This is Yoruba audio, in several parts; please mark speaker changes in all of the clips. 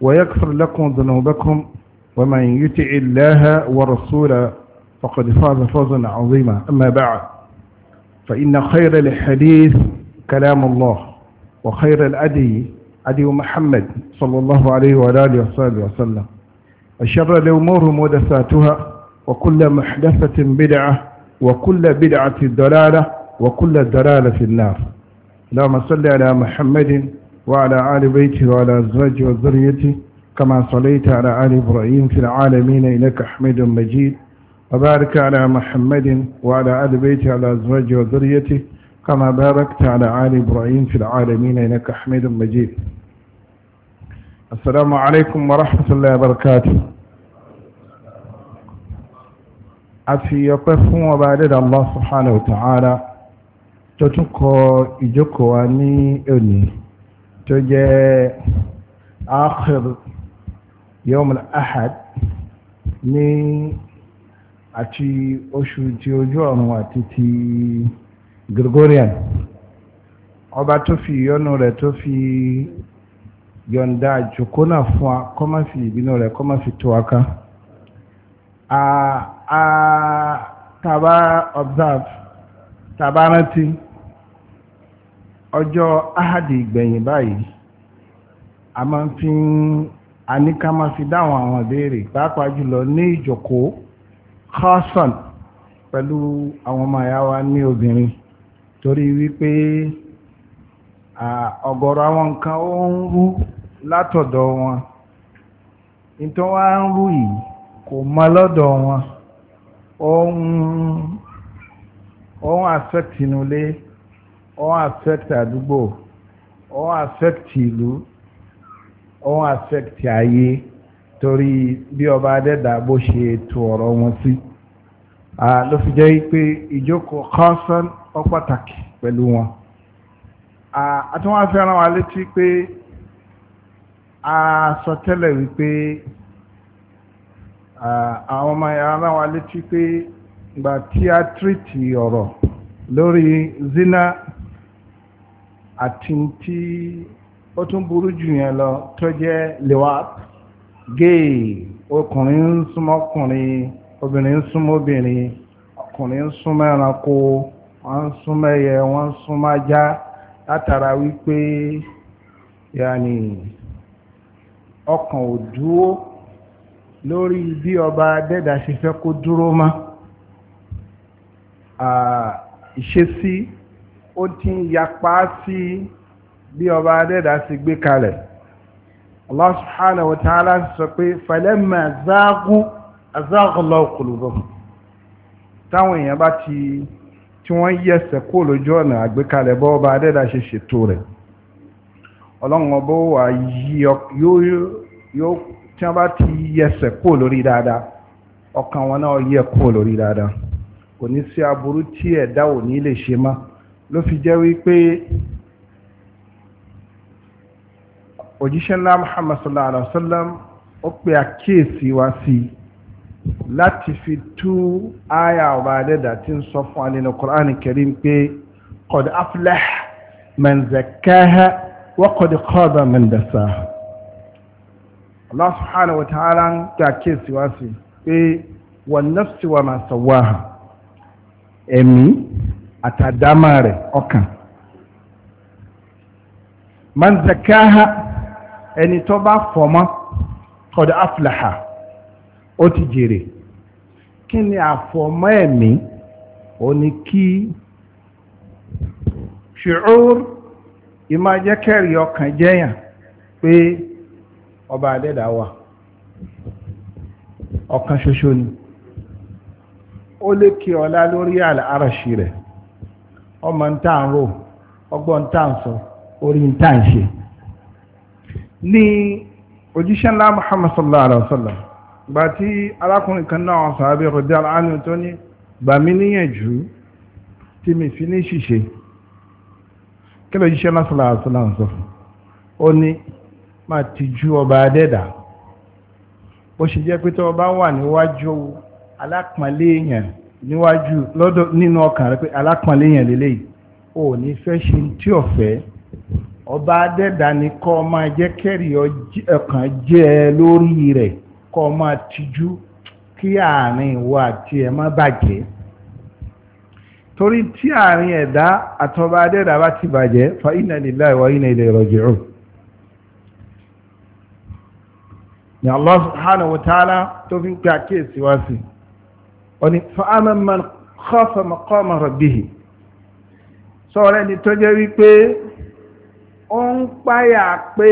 Speaker 1: ويغفر لكم ذنوبكم ومن يطع الله ورسوله فقد فاز فوزا عظيما أما بعد فإن خير الحديث كلام الله وخير الأدي أدي محمد صلى الله عليه وآله وصحبه وسلم وشر الأمور مدساتها وكل محدثة بدعة وكل بدعة ضلالة وكل ضلالة في النار اللهم صل على محمد وعلى آل بيته وعلى أزواجه وذريته كما صليت على آل إبراهيم في العالمين إنك حميد مجيد وبارك على محمد وعلى آل بيته وعلى أزواجه وذريته كما باركت على آل إبراهيم في العالمين إنك حميد مجيد السلام عليكم ورحمة الله وبركاته أفي يقف وبعد الله سبحانه وتعالى تتكو إجوكواني أني أني tó آخر يوم الأحد al-ahad ní àti oṣù ti ojú ọ̀run àti ti Gregorian ọba tó fi yọnu rẹ̀ tó fi yọ̀ǹda jòkó náà fún wa kọ́ má fi ìbínú rẹ̀ kọ́ má fi tó wa ká tàbá observe tàbá rántí ọjọ́ ahadi ìgbẹ̀yìn báyìí a máa ń fi àníkàmá fi dáhùn àwọn ìbéèrè pàápàá jùlọ ní ìjókòó khasan pẹ̀lú àwọn ọmọ ìyá wa ní obìnrin torí wípé ọ̀gọ̀rọ̀ àwọn nǹkan ó ń rú látọ̀dọ̀ wọn nítorí wọ́n ń rú yìí kò mọ lọ́dọ̀ wọn ó ń affect inú ilé Ọ affect àdúgbò ó affect ìlú ó affect ayé torí bí ọba adẹ́dà bó ṣe tu ọ̀rọ̀ wọn sí ló fi jẹ́ pé ìjókòó kọ́sán ó pàtàkì pẹ̀lú wọn àtúnwá fẹ́ràn wa létí pé a sọ tẹ́lẹ̀ wípé àwọn ọmọ ìran wa létí pé ìgbà tí a tírìtì zina àti tí ó tún burú jù yẹn lọ tó jẹ́ lewap géè ọkùnrin ń súnmọ́ ọkùnrin obìnrin ń súnmọ́ obìnrin ọkùnrin ń súnmọ́ ẹranko wọ́n ń súnmọ́ ẹyẹ wọ́n ń súnmọ́ ajá látara wípé yàní ọkàn ò dúró lórí bí ọba adẹ́dà ṣe fẹ́ kó dúró mọ́ ìṣesí ó ti ń yapa sí bí ọba adẹ́dà sì gbé kalẹ̀ Allah subhanahu wa ta'ala sọ pé falamma zágú azáàkọlọ kòlùbọ táwọn èèyàn bá ti tí wọ́n yẹsẹ̀ kó lójú ọ̀nà àgbékalẹ̀ bọ́ ọba adẹ́dà ṣe ṣètò rẹ̀ ọlọ́run ọbọ̀ wà yóò tí wọ́n bá ti yẹsẹ̀ ló fi jẹ́ wípé òjíṣẹ́ ńlá muhammad sallallahu alaihi wa sallam ó pe àkíyèsí wá sí láti fi tú àyà ọba adẹ́dà tí ń sọ fún alẹ́ Qur'an Karim pé qad aflaha man zakkaha wa qad khaba man Allah subhanahu wa ta'ala ń pe àkíyèsí wá sí pé wan nafsi wa ma sawaha ẹ̀mí àtàdámà rẹ̀ ọkàn manzakaha ẹni tó bá fọmọ́ kọ́dọ̀ aflaha ó ti jèrè kí ni àfọmọ́ ẹ̀mí ó ní kí ṣùúr ìmájẹ́kẹ̀rì ọkàn jẹ́yàn pé ọba adẹ́dà wà ọ̀kan ṣoṣo ni ó lè kí ọlá lórí rẹ̀ ọmọ ń tà ń rò ọgbọ́n ń tà ń sọ orí ń tà ń ṣe. ní òjíṣẹ́ ńlá Muhammad sallallahu alaihi wa sallam gbà tí arákùnrin kan náà wọn sàábẹ̀ rọ̀dẹ́ aláàánú tó ní gbà mí níyànjú tí mi fi ní ṣìṣe kí ló jíṣẹ́ ńlá sallallahu alaihi wa sallam sọ fún ó ní máa tijú ọba adẹ́dà bó ṣe jẹ́ pé tó bá wà níwájú alápọ̀nlé èèyàn níwájú lọ́dọ̀ nínú ọkàn rẹ pé alápọ̀nlé yẹn lélẹ́yìí ò ní fẹ́ ṣe tí ò fẹ́ ọba adẹ́dà ni kọ́ máa jẹ́ kẹ́rì ọkàn jẹ́ ẹ lórí rẹ̀ kọ́ máa tijú kí àárín ìwọ àti ẹ̀ má bàjẹ́ torí tí àárín ẹ̀dá àtọba adẹ́dà bá ti bàjẹ́ fa inna lillahi wa inna ilayhi raji'un ni Allah subhanahu wa ta'ala tó fi ń pe àkíyèsí wá sí i. ó ní fa'ama man khafa maqama rabbihi sọ̀rọ̀ ẹni tó jẹ́ wípé ó ń páyà pé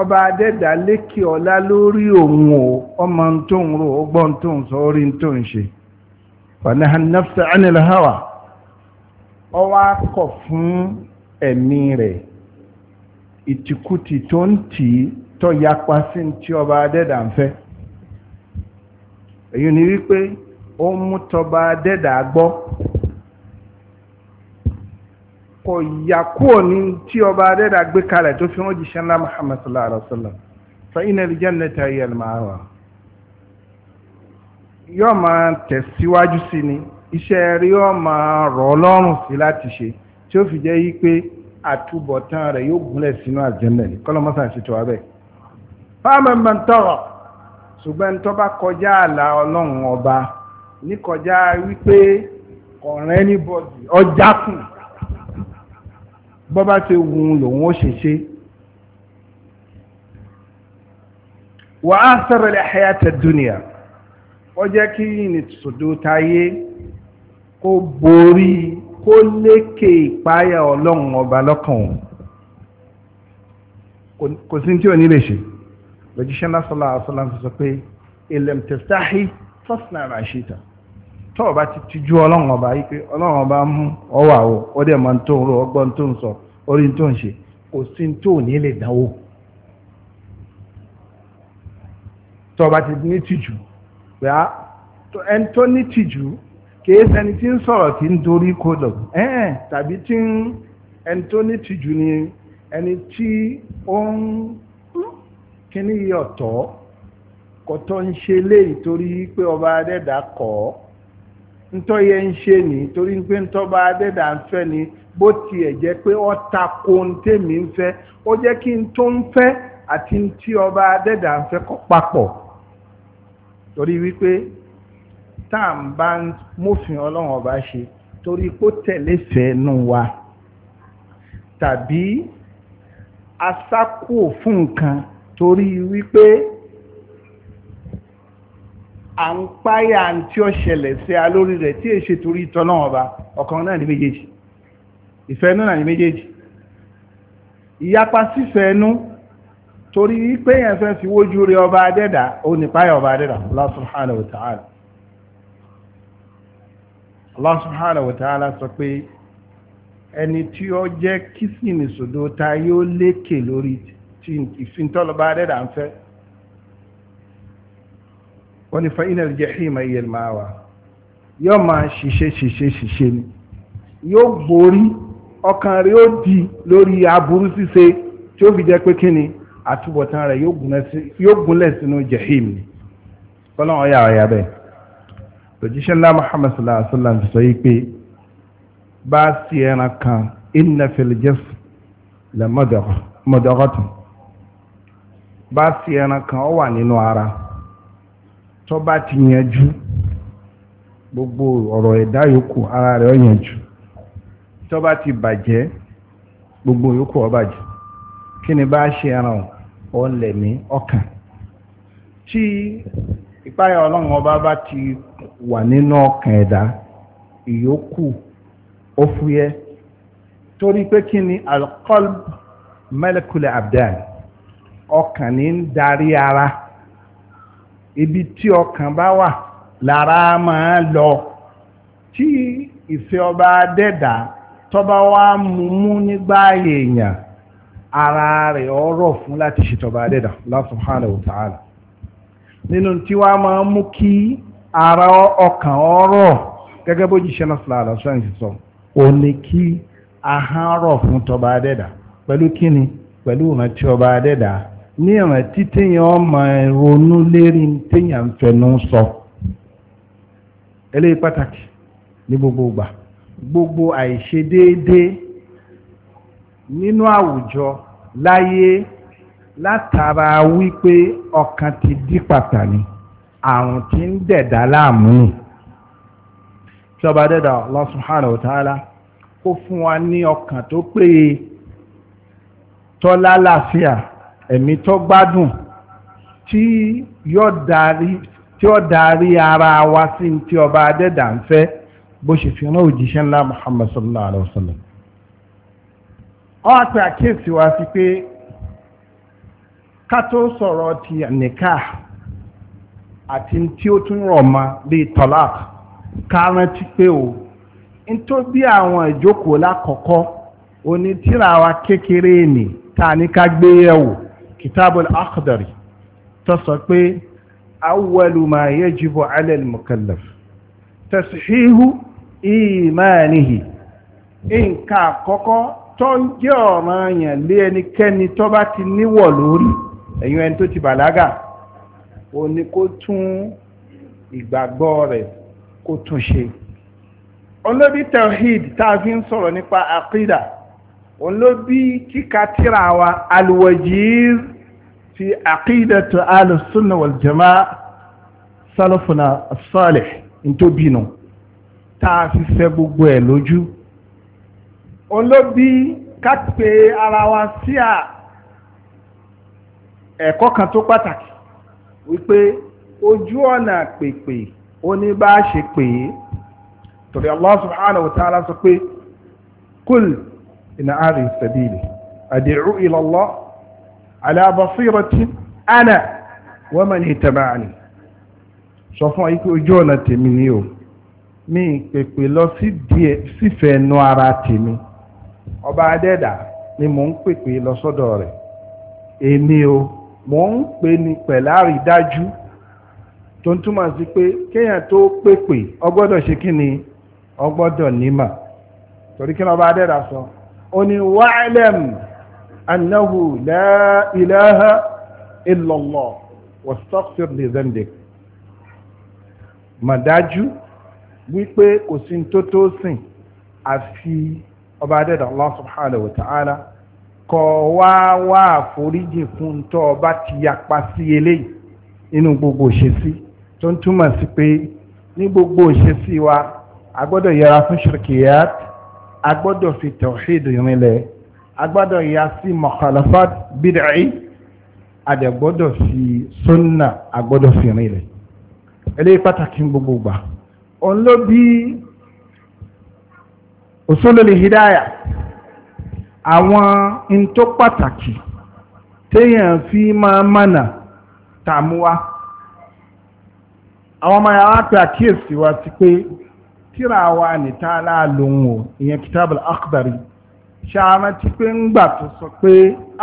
Speaker 1: ọba adẹ́dà lékè ọ̀la lórí òun o ọmọ tó ń ro ọgbọ́n tó ń sọ orí tó ń ṣe fanaha anil hawa wá kọ̀ fún ẹ̀mí rẹ̀ ìtìkùtì tó ń tì ti ọba adẹ́dà ń fẹ́. èyí ni wípé ó mú tọba dẹ́dà gbọ́ kò yà ní tí ọba dẹ́dà gbé kalẹ̀ tó fi wọ́n jíṣẹ́ ńlá Muhammad sallallahu alaihi wa sallam fa inna al-jannata hiya al-ma'wa yóò máa tẹ̀síwájú sí ni iṣẹ́ rí yóò máa rọ̀ ọlọ́rùn sí láti ṣe tí ó fi jẹ́ yí àtúbọ̀tán rẹ̀ yóò gúnlẹ̀ sínú àjẹ́nà kọ́lọ́mọ́sà ṣètò abẹ́ fáwọn mẹ́ntọ́rọ̀ ṣùgbọ́n tó bá kọjá àlà ọlọ́run ọba ní kọjá wípé ọ̀rẹ́ anybody ọjà kùn bọ́bá ti wùn lòun ó ṣèṣe wà á sọ̀rọ̀ lè hayata duniya ó jẹ́ kí ní sòdó táyé kó borí kó lékè ìpáyà ọlọ́run ọba lọ́kàn kò sí tí ò ní lè ṣe òjíṣẹ́ náà sọ́lá àṣọ́lá ti sọ pé ilẹ̀ mtẹ̀fẹ́tàhí fọ́sùnà àṣìta tó o bá ti tijú ọlọ́run ọba yìí pé ọlọ́run ọba mú ọwà o ó dẹ̀ máa ń tó ń ro ọgbọ́n tó ń sọ orí tó ń ṣe kò sí tó ní lè dánwò tó o ti ní tìjú pé á ah, ẹni tó ní tìjú kìí sẹni tí ń sọ̀rọ̀ tí ń dorí kodò ẹ̀ẹ́n tàbí tí ẹni tó ní tìjú ni ẹni tí ó ń kíní yìí ọ̀tọ̀ kọ́tọ́ ń ṣe léyìí torí pé ọba adẹ́dà kọ́ ntọ́ yẹ ń ṣe ní torí pé ntọ́ba adẹ́dà ń fẹ́ ni bó tiẹ̀ jẹ́ pé ọ tako ntẹ́mi ń fẹ́ ó jẹ́ kí n tó ń fẹ́ àti tí ọba adẹ́dà ń fẹ́ kọ́ papọ̀ torí wípé tá à ń bá ọlọ́run ọba ṣe torí kó tẹ̀lé wa tàbí asákò fún nǹkan torí wípé à ń páyà tí ó ṣẹlẹ̀ sí a lórí rẹ̀ tí èṣe torí ìtọ́ náà ọba ọ̀kan náà ní méjèèjì ìfẹ́ náà ní méjèèjì ìyapa sífẹ́ nú torí wípé yẹn fẹ́ fi wójú rẹ ọba adẹ́dà ó ní páyà ọba adẹ́dà Allah subhanahu wa ta'ala sọ pé ẹni tí ó jẹ́ kìsìn ìsòdó ta yóò lékè lórí ti tí ìfintọ́lọ́ba adẹ́dà ń fẹ́ wọ́n ní fa'ina al-jahima hiya al-ma'wa yóò máa ṣiṣẹ́ ṣiṣẹ́ ṣiṣẹ́ ni yóò gborí ọkàn rẹ̀ yóò di lórí aburú ṣíṣe tí ó fi jẹ́ pé kíni àtúbọ̀tán rẹ̀ yóò gúnlẹ̀ sínú jahim ni kọ́lọ́n ọ̀yà ọ̀yà bẹ́ẹ̀ òjíṣẹ́ ńlá Muhammad sallallahu alaihi wasallam sọ bá fi ẹran kan ọ wà nínú ara tó bá ti yanjú gbogbo ọ̀rọ̀ ẹ̀dá yòókù ara rẹ̀ ọ yanjú tó bá ti bàjẹ́ gbogbo yòókù ọ bàjẹ́ kí ni bá ṣe ẹran ọ lẹ̀mí ọkàn tí ìpáyà ọlọ́run ọba bá ti wà nínú ọkàn ẹ̀dá ìyókù ó torí pé kí ni alqalb mẹ́lẹ́kulẹ̀ abdan ọkàn ní ń darí ara ibi tí ọkàn bá wà lára máa lọ tí ìfẹ́ ọba dẹ́dà tọba wá mú nígbà èèyàn ara rẹ̀ ọ̀rọ̀ fún láti ṣètọba dẹ́dà Allah subhanahu nínú tí wá máa mú kí ara ọkàn ọ̀rọ̀ gẹ́gẹ́ bó jíṣẹ́ náà sọ ò ní kí ahọ́n rọ̀ fún tọba dẹ́dà pẹ̀lú kíni pẹ̀lú ìrántí ọba dẹ́dà ní ìrántí téèyàn ọmọ ronú lérí téèyàn ń fẹnu sọ eléyìí pàtàkì ní gbogbo ìgbà gbogbo àìṣedéédé nínú àwùjọ láyé látara wípé ọkàn ti dí pàtàkì àrùn tí ń dẹ̀dá láàmú nì tí ọba dẹ́dà Allah subhanahu wa kó fún wa ní ọkàn tó péye tọ́lá láàfíà ẹ̀mí tó gbádùn tí yóò darí tí ó darí ara wa sí tí ọba adẹ́dà ń fẹ́ bó ṣe fi rán òjíṣẹ́ ńlá Muhammad sallallahu alaihi wasallam ọ́ àti àkíyèsí wa sí pé ká tó sọ̀rọ̀ ti nìka àti tí ó tún rọ̀ ma bíi tọ́lák ká rántí pé o n bí àwọn ìjókòó lákọ̀ọ́kọ́ onítìrà wa kékeré nì ta ní ká gbé yẹ̀wò kitabul akhdari tó sọ pé awwalu ma yajibu ala al-mukallaf tasihihu imanihi nǹkan àkọ́kọ́ tó ń jẹ́ ọ̀ranyàn lé ẹnikẹ́ni tó bá ti níwọ̀ lórí ẹ̀yin ẹni tó ti bàlágà ó ní kó tún ìgbàgbọ́ rẹ̀ kó tún ṣe olóbi tawhid tá a fi ń sọ̀rọ̀ nípa aqida olóbi kíkà wa alwajiz في عقيدة أهل السنة والجماعة سلفنا الصالح انتو بينو تعافي سبب ولوجو olóbi ká pe ara wa sí à kan tó pàtàkì wípé ojú ọ̀nà pèpè ó Allah subhanahu kul inna hadhihi sabili ad'u Allah ala basiratin ana wa man ittaba'ani sọ fún ayíkú ojú ọ̀nà tèmi ni o mi pèpè lọ sí díẹ̀ sífẹ̀ẹ́ nu ara tèmi ọba adẹ́dà ni mò ń pèpè lọ sọ́dọ̀ rẹ̀ èmi o mò ń pè ní pẹ̀láàrí dájú tó ń túmọ̀ sí pé kéèyàn tó pèpè ọgbọ́dọ̀ ṣe kí ni ọgbọ́dọ̀ nímà torí kí ni ọba adẹ́dà sọ ó ní wa'lam. أنه لا إله إلا الله واستغفر لذنبك mà dájú wípé kò sí tó tó sìn àfi ọba adẹ́dà Allah subhanahu wa ta'ala kọ wá wá àforíjì fún tó ọba ti yapa sí eléyìí nínú gbogbo òṣèṣí tó ń túmọ̀ sí pé ní gbogbo òṣèṣí wa a gbọ́dọ̀ yẹra shirkiyat a fi tawhid rinlẹ̀ agbọ́dọ̀ ya sí mọ̀kànlọ́fàt bídàí àdẹ̀gbọ́dọ̀ sí sunna agbọ́dọ̀ sí rìnlẹ̀ eléyìí pàtàkì gbogbo gbà òun ló bí usulul hidaya àwọn in tó pàtàkì téèyàn fi máa mánà tàmúwá àwọn ọmọ yàrá pé àkíyèsí wa ti pé tíra wa nìta aláàlóhun ò ìyẹn kitabul akhdari ṣàrántí pé ń gbà tó sọ pé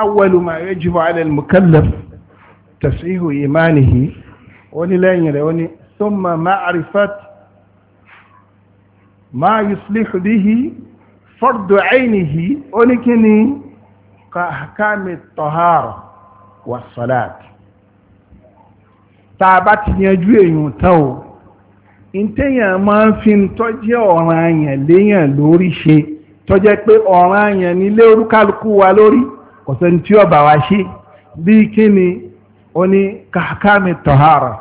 Speaker 1: awwalu ma yajibu ala al-mukallaf tasihu imanihi onílẹ́yìn rẹ̀ oní thumma ma'rifat ma yuslihu bihi fardu aynihi oníkíní ka ahkami tahara wa salat tá a bá ti yanjú èèyàn tán o ìtẹ̀yàn máa fi ń tọ́jú àyàn léyàn lórí ṣe tó jẹ́ pé ọ̀ràn yẹn nílé orúkálukú wa lórí kò sẹ́ni tí ọba wa ṣe bíi kí ni ó ní kàkàmì tọ̀hárà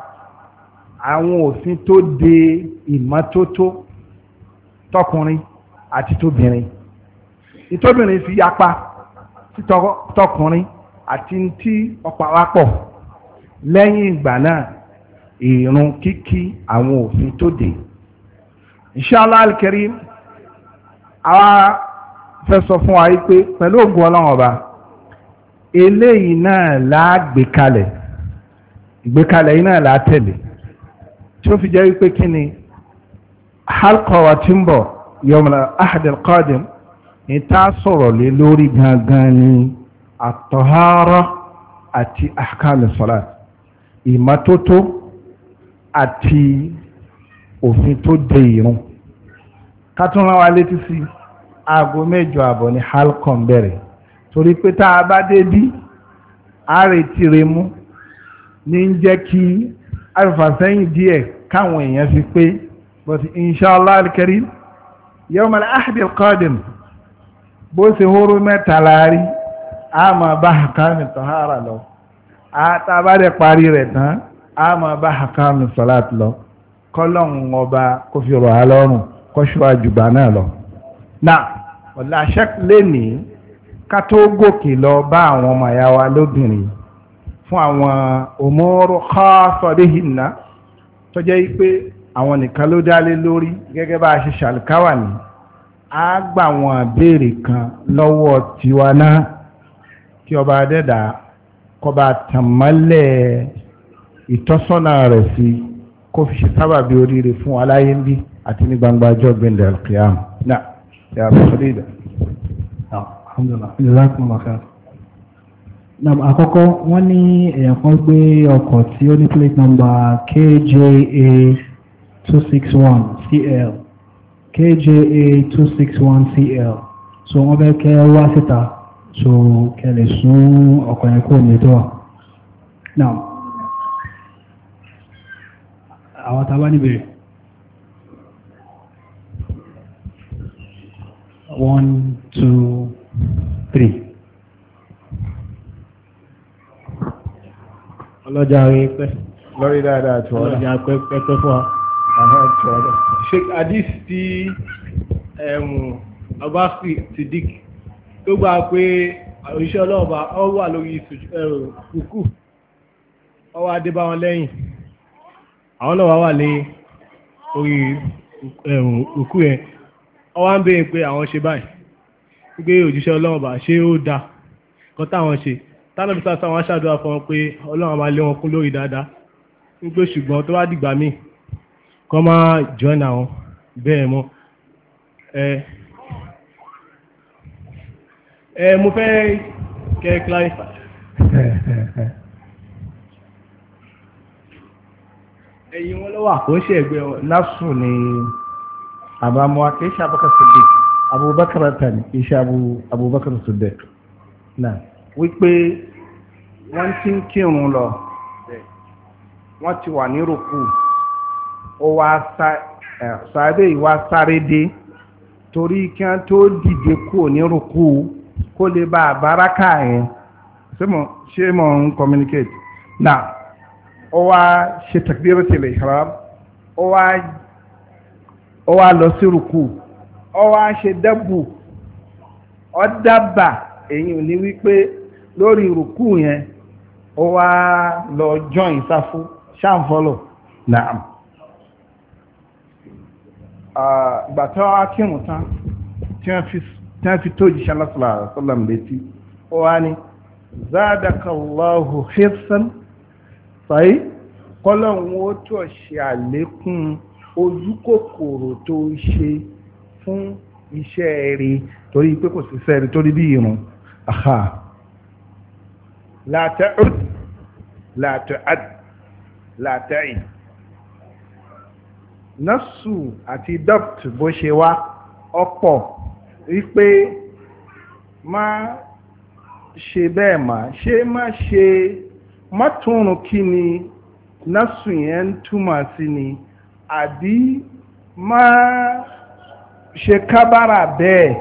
Speaker 1: àwọn òfin tó de ìmọ́tótó tọkùnrin àti tóbìnrin ìtóbìnrin fi yapa sí tọkùnrin àti tí ọ̀pá wa pọ̀ lẹ́yìn ìgbà náà ìrun kíkí àwọn òfin tó de inshallah al-karim àwa fẹ́ sọ fún wa pé pẹ̀lú ògùn ọlọ́run ọba eléyìí náà láàgbé kalẹ̀ ìgbékalẹ̀ yìí náà látẹ̀lé tí ó fi jẹ́ wípé kí ni halqa wa tí ń bọ̀ yọmọlá ahadil qadim ní tá a sọ̀rọ̀ lé lórí gangan ní àtọ̀hárọ̀ àti ahkamis ìmọ́tótó àti òfin tó de ìrun kátún rán wa létí sí aago mẹ́jọ àbọ̀ ní halcon bẹ̀rẹ̀ torí pé tá a bá débí àrètí rẹ mú ní ń jẹ́ kí àfàsẹ́yìn díẹ̀ káwọn èèyàn fi pé but inshallah al-karim yawm al-ahad qadim bó ṣe horo mẹ́ta láàrí a máa bá hakami tahara lọ àtàbádẹ parí rẹ̀ tán a máa bá hakami salat lọ kọ́lọ́n ọba kò fi rọ̀ kọ́ṣọ́ àjùgbà náà lọ. náà ọ̀la ṣẹ́kulé ní ká tó gòkè lọ bá àwọn ọmọ ẹ̀yà wa lóbìnrin fún àwọn òmòrò kọ́sọ̀déhìnà tó jẹ́ pé àwọn nìkan ló dálé lórí gẹ́gẹ́ bá a ṣe ṣàlùkáwà ní a gbà wọn àbèrè kan lọ́wọ́ tiwa náà kí ọba adẹ́dà kọba tàmálẹ̀ ìtọ́sọ́nà rẹ̀ sí kó fi ṣe sábàbí oríire fún aláyé ń bí àti ní gbangba ọjọ́ gbẹ̀ndẹ̀ alkiyam náà ya sọ́dí ìdá.
Speaker 2: nam àkọ́kọ́ wọ́n ní èèyàn kan gbé ọkọ̀ tí ó ní plate number KJA 261 CL KJA 261 CL so wọ́n fẹ́ kẹ́ wá síta so kẹ́ lè sún ọkọ̀ yẹn kúrò ní tó wà. now àwọn tá a bá níbèrè. One, two, three. Ọlọ́jà rí pẹ́.
Speaker 1: Lọ́rí dáadáa tí wọ́n. Ọlọ́jà pẹ́ pẹ́ fún wa. Àwọn tí wọ́n.
Speaker 2: Sheikh Hadith tí Abáfi Siddiq tó gbà pé òṣìṣẹ́ ọlọ́ọ̀bá ọ wà lórí kùkù ọ wá dé bá wọn lẹ́yìn. Àwọn náà wà lé orí òkú yẹn wọ́n wá ń béèrè pé àwọn ṣe báyìí pé òjíṣẹ́ ọlọ́run bá ṣé ó dáa kan táwọn ṣe tánàbí sáà wọn ṣàdúrà fún wọn pé ọlọ́run máa lé wọn kún lórí dáadáa ń pé ṣùgbọ́n tó bá dìgbà míì kọ́ máa join àwọn bẹ́ẹ̀ mọ́ ẹ ẹ mo fẹ́ kẹ́ clarify.
Speaker 1: ẹ̀yin wọn lọ́wọ́ àkóńṣe ẹgbẹ́ lásùn ni abamuwa kai sha bakar siddiq abubakar tani kì í ṣe abubakar siddiq náà wípé wọ́n ti ń kírun lọ wọ́n ti wà ní rúkú ó wá sáré ìwá sáré dé torí kí wọ́n tó dìde kúrò ní rúkú kó lè bá àbáraka yẹn ṣé mo ń communicate na ó wá ṣe takbiratul ihram ó wá ó wá lọ sí rùkù ó wá ṣe dẹ́bù ó dábà èyí ò wípé lórí yẹn ó wá lọ join sáfú ṣáàfọ́lọ̀ naam na tí wọ́n kírun tán tí wọ́n fi tó jíṣẹ́ lọ́sọ̀lá létí ó wá ní záàdàkàláhù hirsan sàí kọ́lọ́hún ó tó ṣe àlékún ojú kòkòrò tó ń ṣe fún iṣẹ́ rẹ̀ torí pé kò sí sẹ́rẹ̀ torí bí irun aha láta'ud láta'ad láta'ì nọ́ọ̀sù àti dọ́pt bó ṣe wá ọ̀pọ̀ wípé má ṣe bẹ́ẹ̀ má ṣe má ṣe mọ́tòrùn kí ni nọ́ọ̀sù yẹn túmọ̀ sí ni àbí ma ṣe kábàrà bẹ́ẹ̀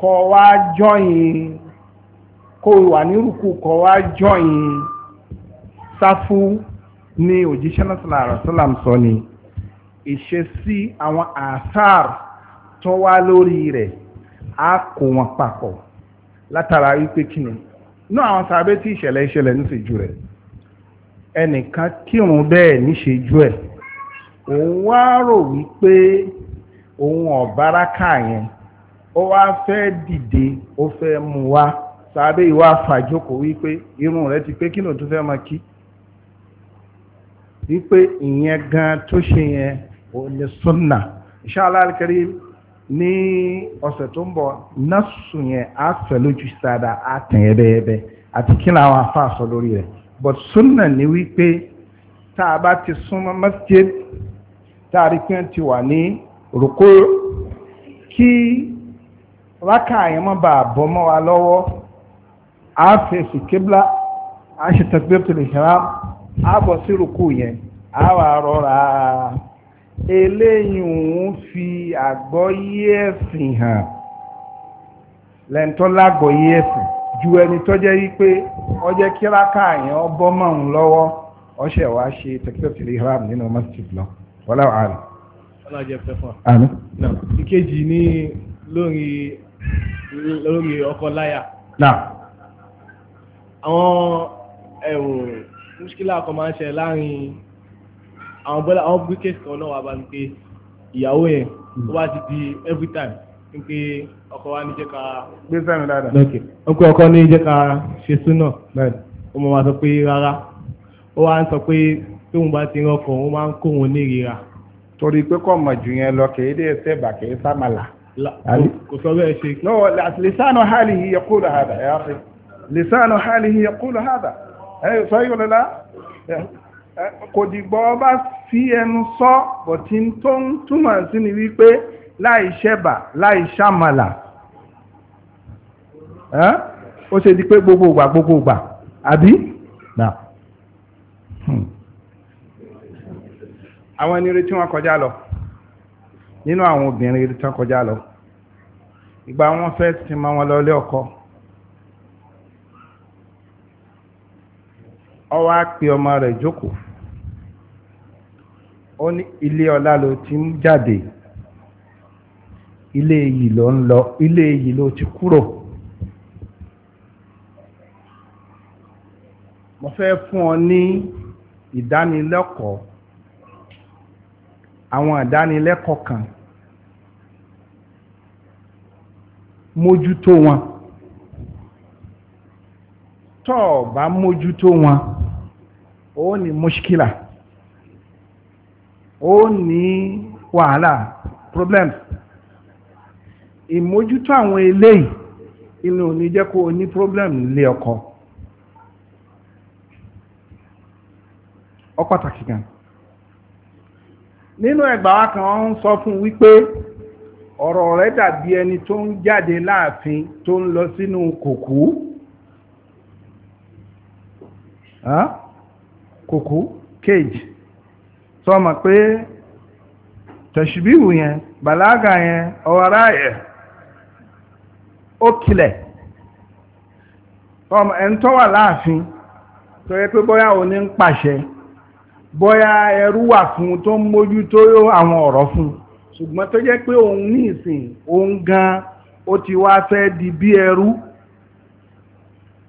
Speaker 1: kó wá jọyìn kó wà ní rúkú kó wá jọyìn sáfú ní òjíṣẹ́ náà sọ̀rọ̀ sọ ni ìṣesí àwọn àṣàr tó wá lórí rẹ̀ á kó wọn papọ̀ látara wípé kíni náà àwọn sàbẹ́ tí ìṣẹ̀lẹ̀ ìṣẹ̀lẹ̀ ní ṣe jù rẹ̀ ẹnìkan kírun bẹ́ẹ̀ níṣe jù ẹ̀ òun wá rò wípé òun ọ̀báraka yẹn ó wá fẹ́ dìde ó fẹ́ mú wá sàbẹ̀ ìwà fàjókò wípé irun rẹ̀ ti pé kí ló tún fẹ́ máa kí wípé ìyẹn gan tó ṣe yẹn ò ní súnà inshallah al ní ọ̀sẹ̀ tó ń bọ̀ násù yẹn á fẹ́ lójú sáadà á tẹ̀ ẹ́ bẹ́ẹ̀ àti kí ni àwọn afáàsọ lórí rẹ̀ but súnà ni wípé tá a bá ti súnmọ́ masjid táàrí pé ti wà ní rúkó kí rákà yẹn mọ́ bá bọ́ mọ́ wa lọ́wọ́ a fèsì kébla a ṣe tẹ̀gbẹ́ tó lè ṣẹlá a bọ̀ sí rúkó yẹn a wà rọra eléyìí òun fi àgbọ́yé ẹ̀sìn hàn lẹ́ntọ́ lágbọ́yé ẹ̀sìn ju ẹni tó jẹ́ wípé ọjẹ́ kíráká yẹn ọbọ́ mọ́ òun lọ́wọ́ ọṣẹ̀ wá ṣe tẹ̀gbẹ́ tó nínú mọ́sítì lọ́wọ́ wọ́lá àlè.
Speaker 2: wọ́lá jẹ́ fẹ́ fún wa. àmì. ìkejì ní lórí lórí ọkọ láyà. náà. àwọn ẹ̀wò muskila kan máa ń ṣe láàrin àwọn bọ́lá àwọn bíkẹ́sì kan náà wà bá ń pé ìyàwó yẹn tó bá ti di every time ń pé ọkọ wa ní jẹ́ ká.
Speaker 1: gbé sẹ́mi dáadáa. lókè ń pé
Speaker 2: ọkọ ní jẹ́ ká ṣe súnà. bẹ́ẹ̀ ó mọ̀ wá sọ pé rárá ó wá ń sọ pé
Speaker 1: tí ń bá ti rọkọ̀ wọn máa ń kó wọn ní ìrira. torí pé kọ́ mọ̀ jù yẹn lọ kìí dé ẹsẹ̀ bà kìí sàmàlà. kò sọ bẹ́ẹ̀ ṣe. no lisanu halihi yaqulu hada ya akhi lisanu halihi yaqulu hada ẹ sọ yìí kò dìgbọ́ fi sọ tó àwọn ẹni retí wọn kọjá lọ nínú àwọn obìnrin retí wọn kọjá lọ ìgbà wọn fẹ́ ti ma wọn lọlé ọkọ ọwọ́ á ọmọ rẹ̀ jókòó ó ní ilé ọlá ló ti ń jáde ilé èyí ló ń lọ ilé èyí ló ti kúrò mo fẹ́ fún ọ ní ìdánilẹ́kọ̀ọ́ àwọn ìdánilẹ́kọ̀ọ́ kan mójútó wọn tọ́ ọ bá mójútó wọn ó ní mushkila ó ní wàhálà problems ìmójútó àwọn eléyìí inú ò ní jẹ́ kó o ní problem nílé ọkọ ọ pàtàkì gan-an. nínú ẹ̀gbà wa kan wọ́n ń sọ fún wípé ọ̀rọ̀ rẹ̀ dàbí ẹni tó ń jáde láàfin tó ń lọ sínú kòkú kòkú cage sọ ma pé tẹ̀ṣubíwù yẹn bàlágà yẹn ọ̀wárá yẹn ó kilẹ̀ ẹni tó wà láàfin tó yẹ pé bóyá òní ń pàṣẹ. bóyá ẹrú wà fún tó ń mójútó àwọn ọ̀rọ̀ fún ṣùgbọ́n tó jẹ́ pé òun ní ìsìn òun gan ó ti wá fẹ́ di bí ẹrú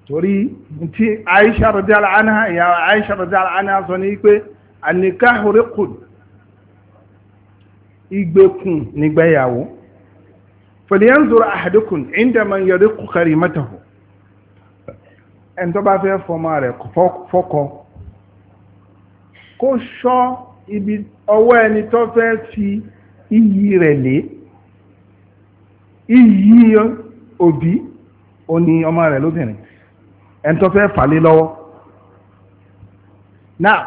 Speaker 1: torí tí Aisha radiyallahu anha ìyá Aisha radiyallahu anha sọ ní pé an kun riqun ìgbèkùn nígbéyàwó falyanzur ahadukum inda man yariqu karimatahu ẹni tó bá fẹ́ fọmọ rẹ̀ fọ́kọ kó ṣọ́ ibi ọwọ́ ẹni tó fẹ́ fi iyì rẹ̀ lé iyì òbí òní ọmọ rẹ̀ lóbìnrin ẹni tó fẹ́ fà lé lọ́wọ́ now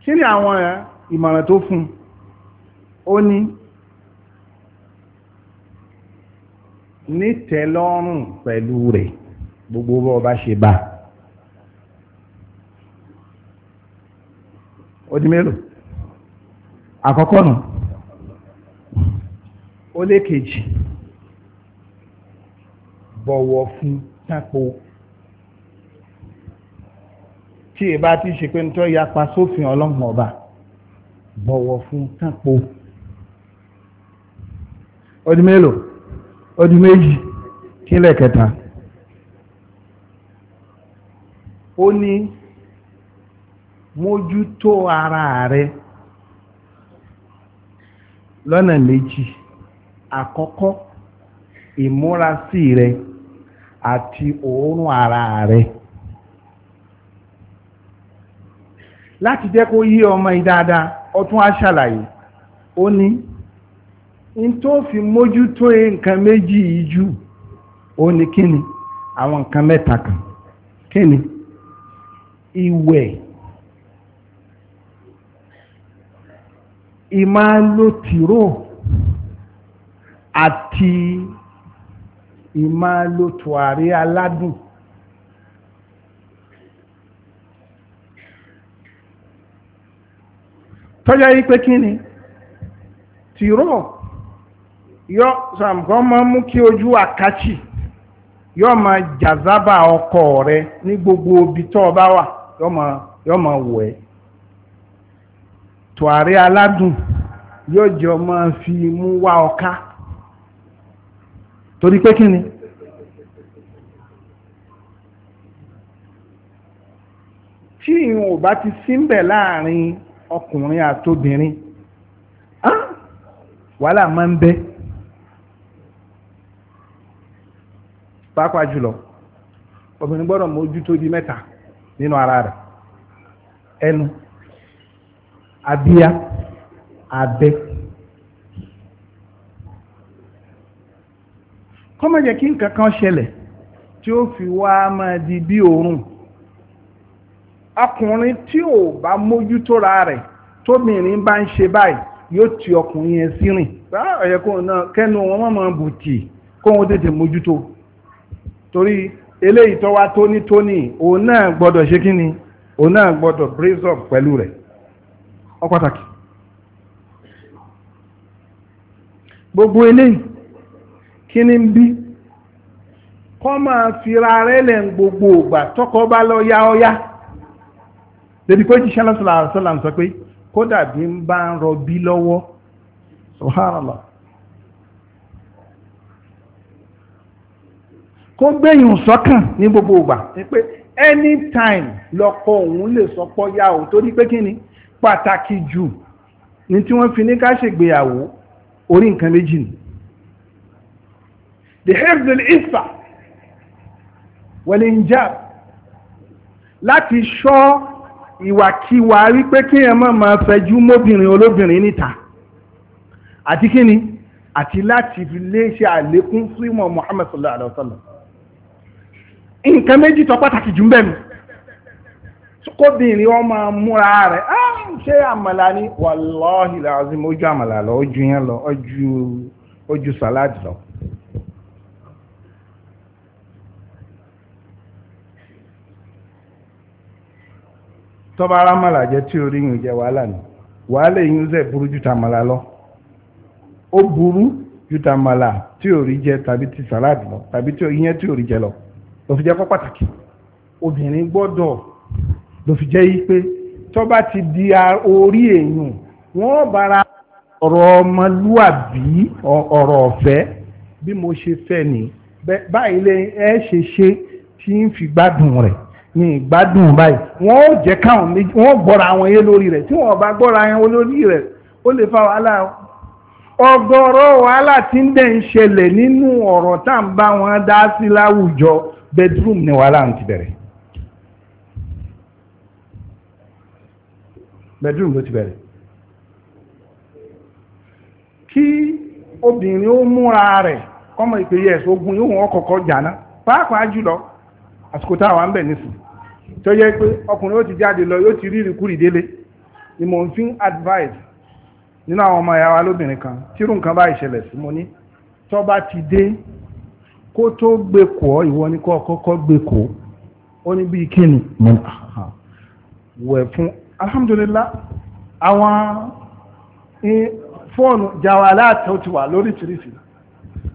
Speaker 1: kí ni àwọn ìmọ̀ràn tó fún ó ní nítẹ́lọ́rùn pẹ̀lú rẹ̀ gbogbo bó bá ṣe bá ó di mélòó àkọ́kọ́ nù ó lé kejì bọ̀wọ̀ fún tápò tí ìbá ti ṣe pé nítorí yapa sófin ọlọ́run ọba bọ̀wọ̀ fún tápò ó di mélòó ó di méjì kílẹ̀ kẹta ó ní mójútó ara rẹ lọ́nà méjì àkọ́kọ́ ìmúrasí rẹ àti òórùn ara rẹ láti jẹ́ kó yí ọmọ yìí dáadáa ọtún á ṣàlàyé ó ní n tó fi mójútó nǹkan méjì yìí jù ó ní kíni àwọn nǹkan mẹ́ta kan kíni ìmá ló tìró àti ìmá ló tùwàrí aládùn tọ́jọ́ yí pé kí ni tìró yọ sàmkọ́ máa mú kí ojú àkáchì yọ ma jàzábà ọkọ rẹ ní gbogbo ibi tó bá wà yọ ma wọ̀ ẹ́ tùwárí aládùn yóò jọ máa fi mú wá ọká torí pé kí ni tí ìwọ̀n ò bá ti símbẹ̀ láàrin ọkùnrin àtobìnrin wàhálà máa ń bẹ pàápàá jùlọ obìnrin gbọ́dọ̀ mójútó di mẹ́ta nínú ara rẹ̀ ẹnu. E Abia, abẹ́. kọ́mọ̀ jẹ́ kí nǹkan kan ṣẹlẹ̀ tí ó fi wá máa di bí òórùn ọkùnrin tí ò bá mójútóra rẹ̀ tóbìnrin bá ń ṣe báyìí yóò ti ọkùnrin yẹn sí rìn ọ̀yẹ́ kó náà kẹ́nu wọn mọ̀ máa bù tì kó wọn tètè mójútó torí eléyìí tó wá tónítóní òun náà gbọ́dọ̀ ṣe kí ni òun náà gbọ́dọ̀ brace up pẹ̀lú rẹ̀. ọ pàtàkì gbogbo eléyìí kí ni ń bí kọ́ máa fira rẹ̀ lẹ̀ ń gbogbo ògbà tọkọ bá lọ yá ọyá débi pé jíṣẹ́ lọ́sọ̀lá àrùsọ̀lá ń sọ pé bi lọwọ ń bá ń rọbí lọ́wọ́ subhanallah kó gbẹ̀yìn sọ́kàn ní gbogbo ògbà pé anytime lọ́kọ òun lè sọpọ́ yá òun torí pé kí ni pàtàkì jù ní tí wọ́n fi ní ká ṣègbéyàwó orí nǹkan méjì ni the hifz al-ifa wal-injab láti ṣọ́ ìwàkiwà wípé kí ẹ má máa fẹjú mọ́bìnrin olóbìnrin níta àti kí ni àti láti fi lè ṣe àlékún fíìmọ̀ Muhammad sallallahu alaihi wa sallam nǹkan méjì tó pàtàkì jù ń bẹ̀ kóbìnrin ó múra rẹ̀ á ah! ṣé àmàlà ni wàláhì làzim ojú àmàlà lọ ojú yẹn lọ ojú ojú sàláàdì lọ. tọ́ba arámàlà jẹ́ tí orí yìí jẹ́ wàhálà ni wàhálà yìí ń zẹ̀ burú ju tàmàlà lọ ó burú ju tàmàlà tí orí jẹ tàbí ti sàláàdì lọ tàbí tí ìyẹn tí orí lọ lọ fi jẹ́ kọ́ pàtàkì obìnrin gbọ́dọ̀ lọ fi jẹ́ yí pé tó bá ti di orí èèyàn wọ́n bára ọ̀rọ̀ ọmọlúàbí ọ̀rọ̀ ọ̀fẹ́ bí mo ṣe fẹ́ ni báyìí lè ẹ ṣe ṣe tí ń fi gbádùn rẹ̀ ní ìgbádùn báyìí wọ́n ó jẹ́ káwọn méjì wọ́n gbọ́ra àwọn yé lórí rẹ̀ tí wọ́n bá gbọ́ra àwọn lórí rẹ̀ ó lè fa wàhálà ọ̀gọ̀rọ̀ wàhálà tí ń dẹ̀ ń ṣẹlẹ̀ nínú ọ̀rọ̀ tá à ń bá wọn dá sí láwùjọ bedroom ni wàhálà ń ti bẹ̀rẹ̀ bedroom ló ti bẹ̀rẹ̀ kí obìnrin ó múra rẹ̀ kọ́mọ ìpè yẹ ogun yóò wọ́n kọ̀kọ́ jàná pàápàá jùlọ àsìkò táwa ń bẹ̀ nísìn tó yẹ pé ọkùnrin ó ti jáde lọ yóò ti rí délé ni ń fi advice nínú àwọn ọmọ lóbìnrin kan nǹkan bá sí mo ní tó bá ti dé kó tó gbé kọ́ ìwọ ni kọ́kọ́ gbé kọ́ ó alhamdulillah àwọn eh, fóònù jawalat ó ti wà lóríṣiríṣi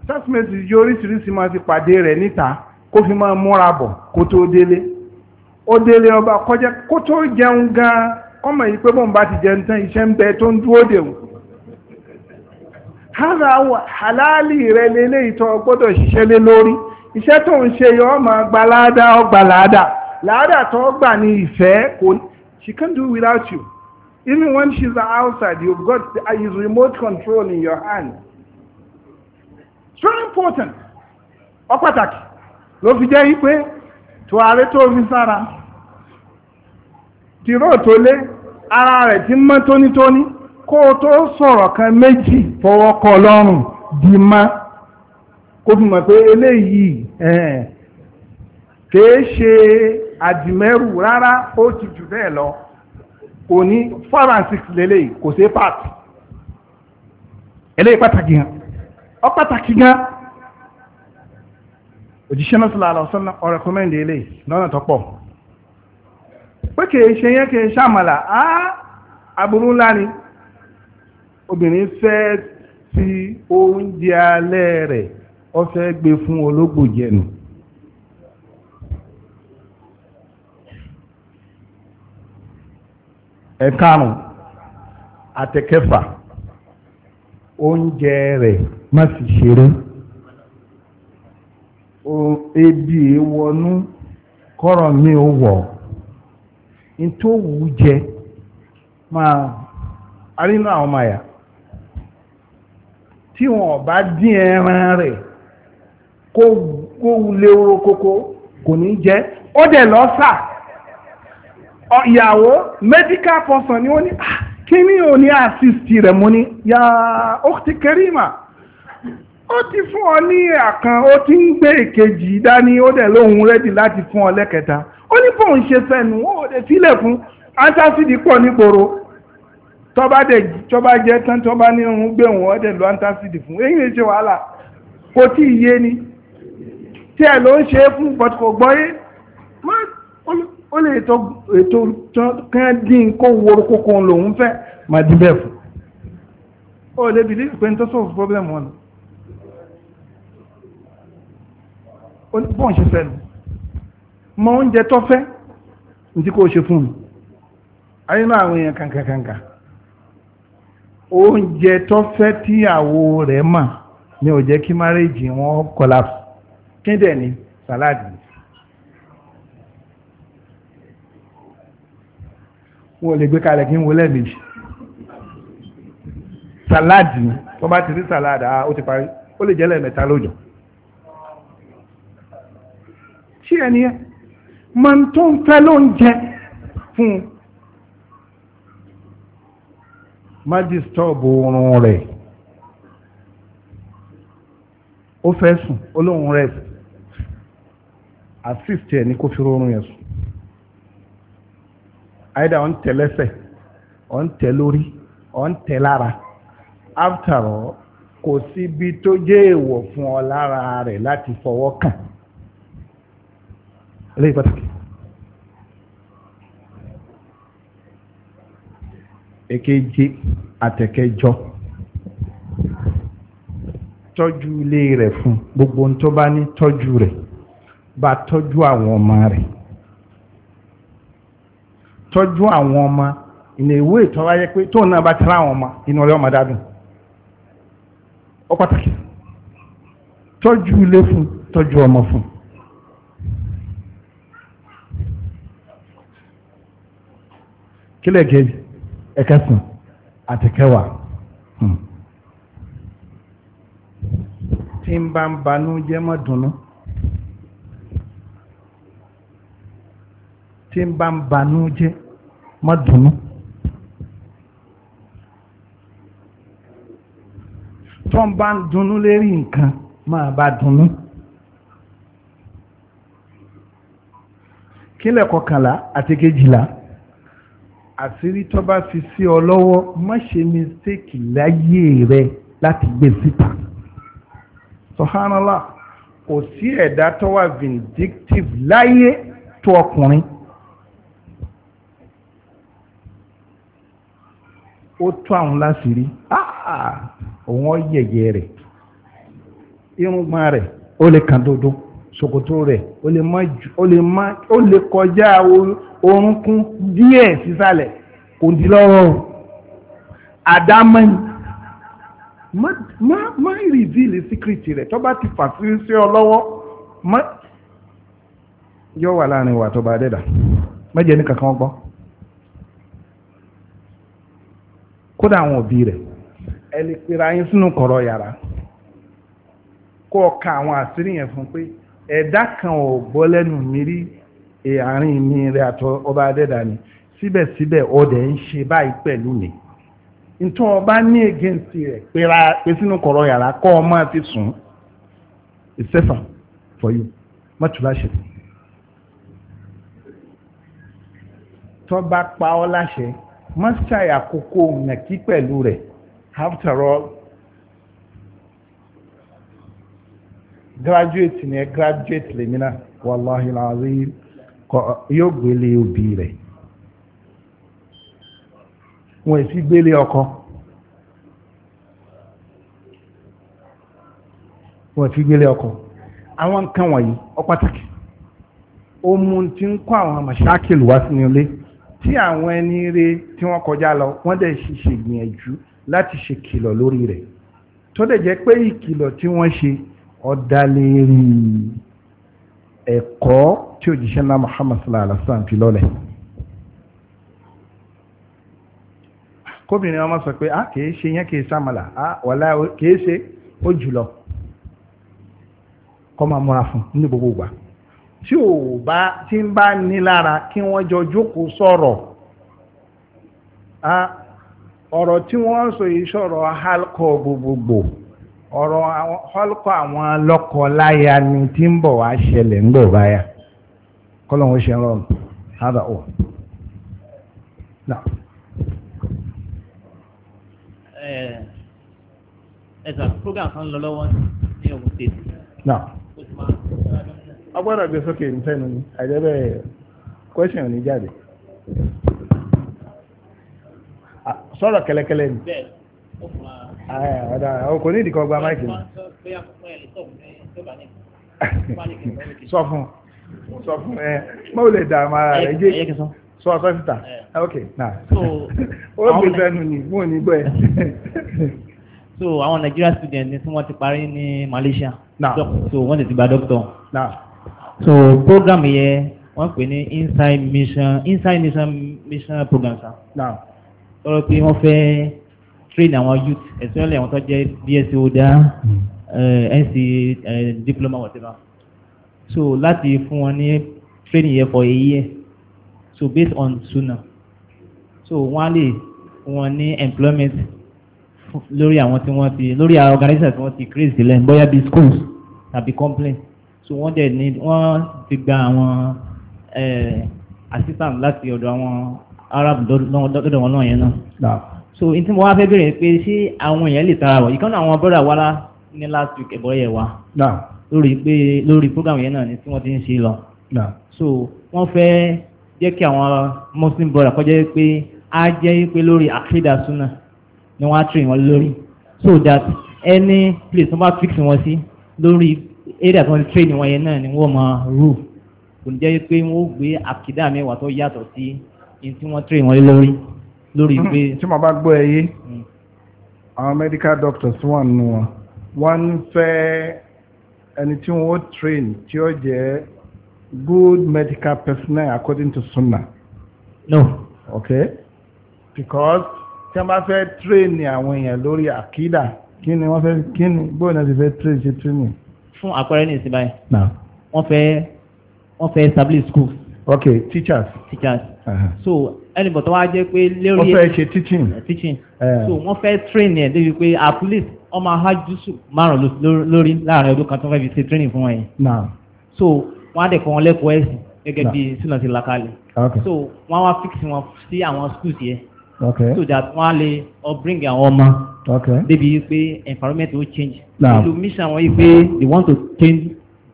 Speaker 1: sásìmẹ́tì yóríṣiríṣi máa ti pàdé rẹ̀ níta kó fi máa múra bọ̀ kó tó délé ó délé ọba kọjá kó tó jẹun gan kọ́mọ̀ yìí pé bọ́n bá ti jẹun tán iṣẹ́ ń bẹ tó ń dúró dèun hàrà halali rẹ̀ lélẹ́yìí tó gbọ́dọ̀ ṣiṣẹ́ lé lórí iṣẹ́ tó ń ṣe yọ ọmọ gbalada ọgbà láàdà láàdà tó gbà ní ìfẹ́ kò ní She can't do without you. Even when she's outside, you've got uh, his remote control in your hand. It's very important. Ọ pàtàkì ló fi jẹ́ pé tùwárẹ́ tó fi sára. Tìró tó lé ara rẹ̀ ti mọ́ tónítóní kó o tó sọ̀rọ̀ kan méjì fọwọ́ kọ lọ́rùn di má. Kó fi àdìmẹ́rù rárá ó ti jù bẹ́ẹ̀ lọ kò ní four and six lélẹ̀ kò sí part eléyìí pàtàkì gan ọ pàtàkì gan òjíṣẹ́ náà sọ̀rọ̀ àlọ́ sọ́nà ọ rẹ̀kọ́mẹ́ndì eléyìí lọ́nà tó pọ̀ pé kìí ṣe yẹn kìí ṣàmàlà á aburú obìnrin fẹ́ ti oúnjẹ alẹ́ rẹ̀ ọ fẹ́ gbé fún ológbò jẹnu. ẹ̀karùn àtẹ̀kẹfà oúnjẹ rẹ̀ má fi ṣeré ebi wọnú kọ́rọ̀ mi ò wọ̀ nítòwú jẹ máa arínú àwọn ọmọ àyà tí wọn bá dín ẹran rẹ̀ kó wulé oró kò ní jẹ ó dẹ̀ lọ́sà. ìyàwó medical person ni wọ́n ní ah, kí ni ò ní assist rẹ̀ mú ní ya ukhti karima ó ti fún ọ ní àkàn ó ti ń gbé ìkejì dání ó dẹ̀ lóhun rẹ́dì láti fún ọ lẹ́kẹta ó ní bóun ṣe fẹ́nu ó dẹ̀ sílẹ̀ fún antacidi pọ̀ nígboro tọ́ba dẹ̀ tọ́ba jẹ́ tán tọ́ba ní irun gbé wọn ọ̀dẹ̀ lọ antacidi fún èyí lè ṣe wàhálà kò tí ì yé ni tí ẹ̀ ló ń ṣe é fún bọ́t kò gbọ́ yé má ó lè tó ètò kan dín kó wọ́rọ̀ kókó lòun fẹ́ máa dín bẹ́ẹ̀ fún ó lè bìlí pé n tó sọ̀rọ̀ problem wọn bọ́n ṣe fẹ́ nu mọ oúnjẹ tó fẹ́ ní tí kò ṣe fún mi ayé náà àwọn èèyàn kankankankan oúnjẹ tó fẹ́ tíyàwó rẹ̀ mà ni ò jẹ́ kí márèèjì wọn collapse kí dẹ̀ ni sàláàdì ni. wọn ò lè gbé kalẹ̀ kí n wọlé méjì sàláàdì ni wọ́n bá ti rí sàláàdì ah ó ti parí ó lè jẹ́ lẹ́ẹ̀mẹ́ta lójọ́ tí ẹni ẹ máa ń tó ń fẹ́ ló ń jẹ fún un oorun rẹ̀ ó fẹ́ sùn olóhùn rẹ̀ assist ẹ̀ ní kó fi oorun yẹn sùn either on ń on lẹ́sẹ̀ on ń tẹ̀ lórí ọ̀ ń tẹ̀ lára after all kò síbi tó jẹ́ èèwọ̀ fún ọ lára rẹ̀ láti fọwọ́ kàn eléyìí pàtàkì. èkejì àtẹ̀kẹjọ tọ́jú ilé rẹ̀ fún gbogbo ohun tó bá ní tọ́jú rẹ̀ bá tọ́jú àwọn ọmọ rẹ̀ tọ́jú àwọn ọmọ ìnà ìwé ìtọ́ra yẹ pé tóun náà bá tẹ́lá àwọn ọmọ inú ọ̀rẹ́ ọmọ dádùn ó pàtàkì tọ́jú ilé fún tọ́jú ọmọ fún. kílẹ̀ kejì ẹ̀kẹsàn àti kẹwàá hmm. tí ń bá ń banú jẹ́ mọ́ dùnú tí ń bá ń banú jẹ́ má dùnú. tó ń bá ń dunnú lérí nǹkan máa bá dunnú. kílẹ̀ kọkànlá àti kejìlá àṣírí tó bá fi sí ọ lọ́wọ́ má ṣe mistake láyé rẹ láti gbé síta. subhanallah kò sí ẹ̀dá tó vindictive láyé tó ọkùnrin ó tó àwọn láṣìírí ah, ah, òun ọ yẹ̀yẹ̀ rẹ̀ irùngbọ̀n rẹ̀ ó lè kàn dodo ṣòkòtò rẹ̀ ó lè kọjá orúnkún díẹ̀ sísàlẹ̀ kò dí lọ́rọ̀ àdámẹ́yìn má rìvíìlì síkírìtì rẹ̀ tó bá ti fàṣírí sí ọ lọ́wọ́ yóò wà láàrin ìwà tó bá dẹ́dà ní kankan gbọ́ kódà àwọn òbí rẹ̀ ẹ lè pera yín sínú kọ̀rọ̀ yàrá kó o ka àwọn àṣírí yẹn fún pé ẹ̀dá kan ò gbọ́ lẹ́nu mi rí e, àárín mi rẹ̀ àtọ ọba adẹ́dà ni síbẹ̀síbẹ̀ ọdẹ ń ṣe báyìí pẹ̀lú mi nítorí ọba ní against rẹ̀ pera pé sínú kọ̀rọ̀ yàrá kọ́ ọ máa fi sùn it's for you mọ́tòlá ṣe tọ́ba pa ọ́ láṣẹ. mọ́sà àkókò nàkí pẹ̀lú rẹ̀ after all graduate ni ẹ graduate lèmi náà wàláhi ka yóò gbélé òbí rẹ̀ wọ́n èsì gbélé ọkọ. wọ́n fi gbélé ọkọ àwọn nǹkan wọ̀nyí ó pàtàkì ó mú tí ń àwọn wá tí àwọn ẹni re tí wọ́n kọjá lọ wọ́n dẹ̀ ṣe gbìyànjú láti ṣe kìlọ̀ lórí rẹ̀ tó dẹ̀ jẹ́ pé ìkìlọ̀ tí wọ́n ṣe ọ̀dàlérí ẹ̀kọ́ tí òjíṣẹ́ ńlá Muhammad sallallahu alaihi wasallam fi lọ́lẹ̀ kóbìnrin ọmọ sọ pé a ah, kìí ṣe yẹn kìí sàmàlà a ah, wàlá kìí ṣe ó jùlọ kọ́ máa múra fún ní gbogbo ìgbà tí ò bá tí ń bá ní lára kí wọ́n jọ jókòó sọ̀rọ̀ ọ̀rọ̀ tí wọ́n sọ halkọ gbogbogbò ọ̀rọ̀ halkọ àwọn lọ́kọ ni tí ń bọ̀ wá ṣẹlẹ̀ ń bọ̀ báyà kọ́lọ́hún ṣe rọrùn hádà ọ̀
Speaker 3: ẹ̀sà program kan lọ lọ́wọ́ ní
Speaker 1: ọgbọ́dọ̀ gbé sókè nítẹ́nu ni àjẹ́bẹ̀ question ní jáde sọ̀rọ̀ kẹlẹkẹlẹ ni
Speaker 3: ọ̀dà
Speaker 2: ọkọ̀ ní ìdíkọ̀ gba máìkì ni sọ fún
Speaker 1: sọ fún ẹ mọ́ lè dà mara rẹ̀ jẹ́ sọ sọ síta ok náà ó gbé sẹ́nu ni mú ní gbọ́
Speaker 3: so àwọn Nigeria students ni tí wọ́n ti parí ní Malaysia so wọ́n ti ti gba doctor so program yẹn wọ́n pè ní inside mission inside mission mission program sa now lọ́rọ̀ pé wọ́n fẹ́ train our youth especially àwọn tó jẹ́ BSc oda NC diploma whatever so láti fún wọn ní training yẹn for a year so based on suna so wọ́n á lè fún wọn ní employment lórí àwọn tí wọ́n ti lórí àwọn organizers tí wọ́n ti create sílẹ̀ bóyá bí schools tàbí complaint so wọ́n dẹ̀ ní wọ́n ti gba àwọn assistant láti ọ̀dọ̀ àwọn arab lọ́dọ̀ wọn náà yẹn náà so n tí mo wá fẹ́ bèèrè pé ṣé àwọn èèyàn lè tara wọ̀ ìkànnì àwọn bọ́dà wa ní last week ẹ̀bọ́ yẹ̀ wa lórí pé lórí program yẹn náà ni tí wọ́n ti ń ṣe lọ so wọ́n fẹ́ jẹ́ kí àwọn muslim brother kọjá pé á jẹ́ pé lórí àkídà súnà ni wọ́n á tìrì wọn lórí so that any place wọ́n bá fix wọn sí lórí area tó ń train wọn yẹn náà ni wọ́n máa rú kò ní jẹ́ pé wọ́n gbé àkìdá mẹ́wàá tó yàtọ̀ sí in tí wọ́n train wọn lórí lórí mhm. pé.
Speaker 1: tí mo bá gbọ́ ẹ hmm. àwọn medical doctors wà nù wọn wọ́n ń fẹ́ ẹni tí wọ́n train tí ó jẹ́ good medical personnel according to sunnah. no. okay because tí wọ́n bá fẹ́ train àwọn èèyàn lórí àkìdá kí ni wọ́n fẹ́ kí ni bóyá ti fẹ́ train ṣe training
Speaker 3: fún àpẹẹrẹ ní ìsinmi báyìí wọ́n fẹ́ wọ́n fẹ́ establish school. ok teachers. teachers. Uh -huh. so ẹnìbọ̀ tó wá jẹ́ pé lórí. wọ́n fẹ́ ṣe teaching. Uh, teaching. Uh. so wọ́n fẹ́ train ẹ̀ débi pé at least wọ́n máa há jùsù márùn lórí láàrin ọdún kan tó fẹ́ fi ṣe training fún wọn yẹn. so wọ́n á dẹ̀ kọ́ wọn lẹ́kọ̀ọ́ ẹ̀sìn gẹ́gẹ́ bí sílọ̀ ti so wọ́n á wá fix wọn sí àwọn schools yẹn. Okay. so that wọ́n á lè bring àwọn ọmọ débi pé environment will change. Now ìlú mission wọ́n yí pé they want to change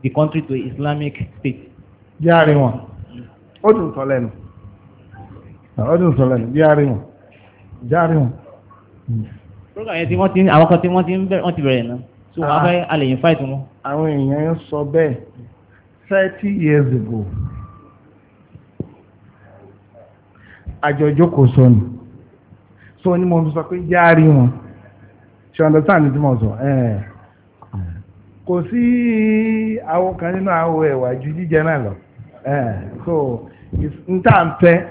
Speaker 3: the country to Islamic state. jẹ́ àárín wọn
Speaker 1: ó dùn sọ lẹ́nu
Speaker 3: ó dùn sọ lẹ́nu jẹ́ àárín wọn jẹ́ àárín wọn. program yẹn tí wọ́n ti àwọn kan tí wọ́n ti bẹ̀rẹ̀ wọ́n ti bẹ̀rẹ̀ náà so wọ́n ah. á fẹ́ a lè invite wọn.
Speaker 1: àwọn èèyàn sọ bẹ́ẹ̀ thirty years ago àjọ ìjókòó sọ so ni mo sọ pé járí wọn ṣe understand ní tí mo sọ kò sí àwọn kan nínú àwọn ẹ̀wà ju jíjẹ náà lọ so n tá à ń fẹ́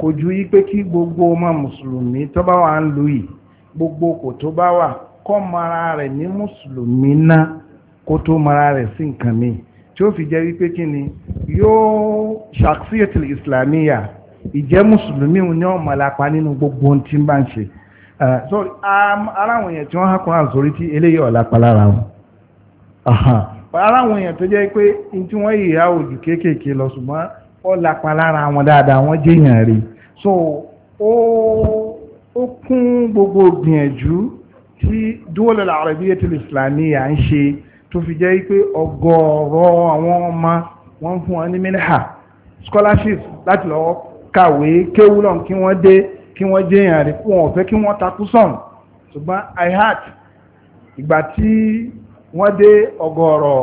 Speaker 1: kò ju yí pé kí gbogbo ọmọ mùsùlùmí tó bá wà ń lu yìí gbogbo kò tó bá wà kọ́ mara rẹ̀ ní mùsùlùmí ná kó tó mara rẹ̀ sí nǹkan mi tí ó fi jẹ́ wípé kí ni yóò ṣàkíyèsí islamiyah ìjẹ́ mùsùlùmí ní ọmọ làpá nínú gbogbo ohun tí ń bá ń ṣe so aláwọn èèyàn tí wọ́n hákùn àzórí tí eléyìí ọ̀làpá lára wọn aláwọn èèyàn tó jẹ́ pé in tí wọ́n yìí ráwò jù kéékèèké lọ ṣùgbọ́n ọ̀làpá lára wọn dáadáa wọ́n jẹ́yàn rí so ó kún gbogbo gbìyànjú tí dúwọ́lẹ̀ Arabiyyatul Islamiyya ń ṣe tó fi jẹ́ pé ọgọ́rọ̀ àwọn ọmọ wọn fún wọn ní mílíà scholarship láti lọ́wọ́ kàwé kéwú náà kí wọ́n dé kí wọ́n jẹ́ èèyàn rí fún wọn fẹ́ kí wọ́n takú sọ̀n ṣùgbọ́n ihat ìgbà tí wọ́n dé ọgọ́rọ̀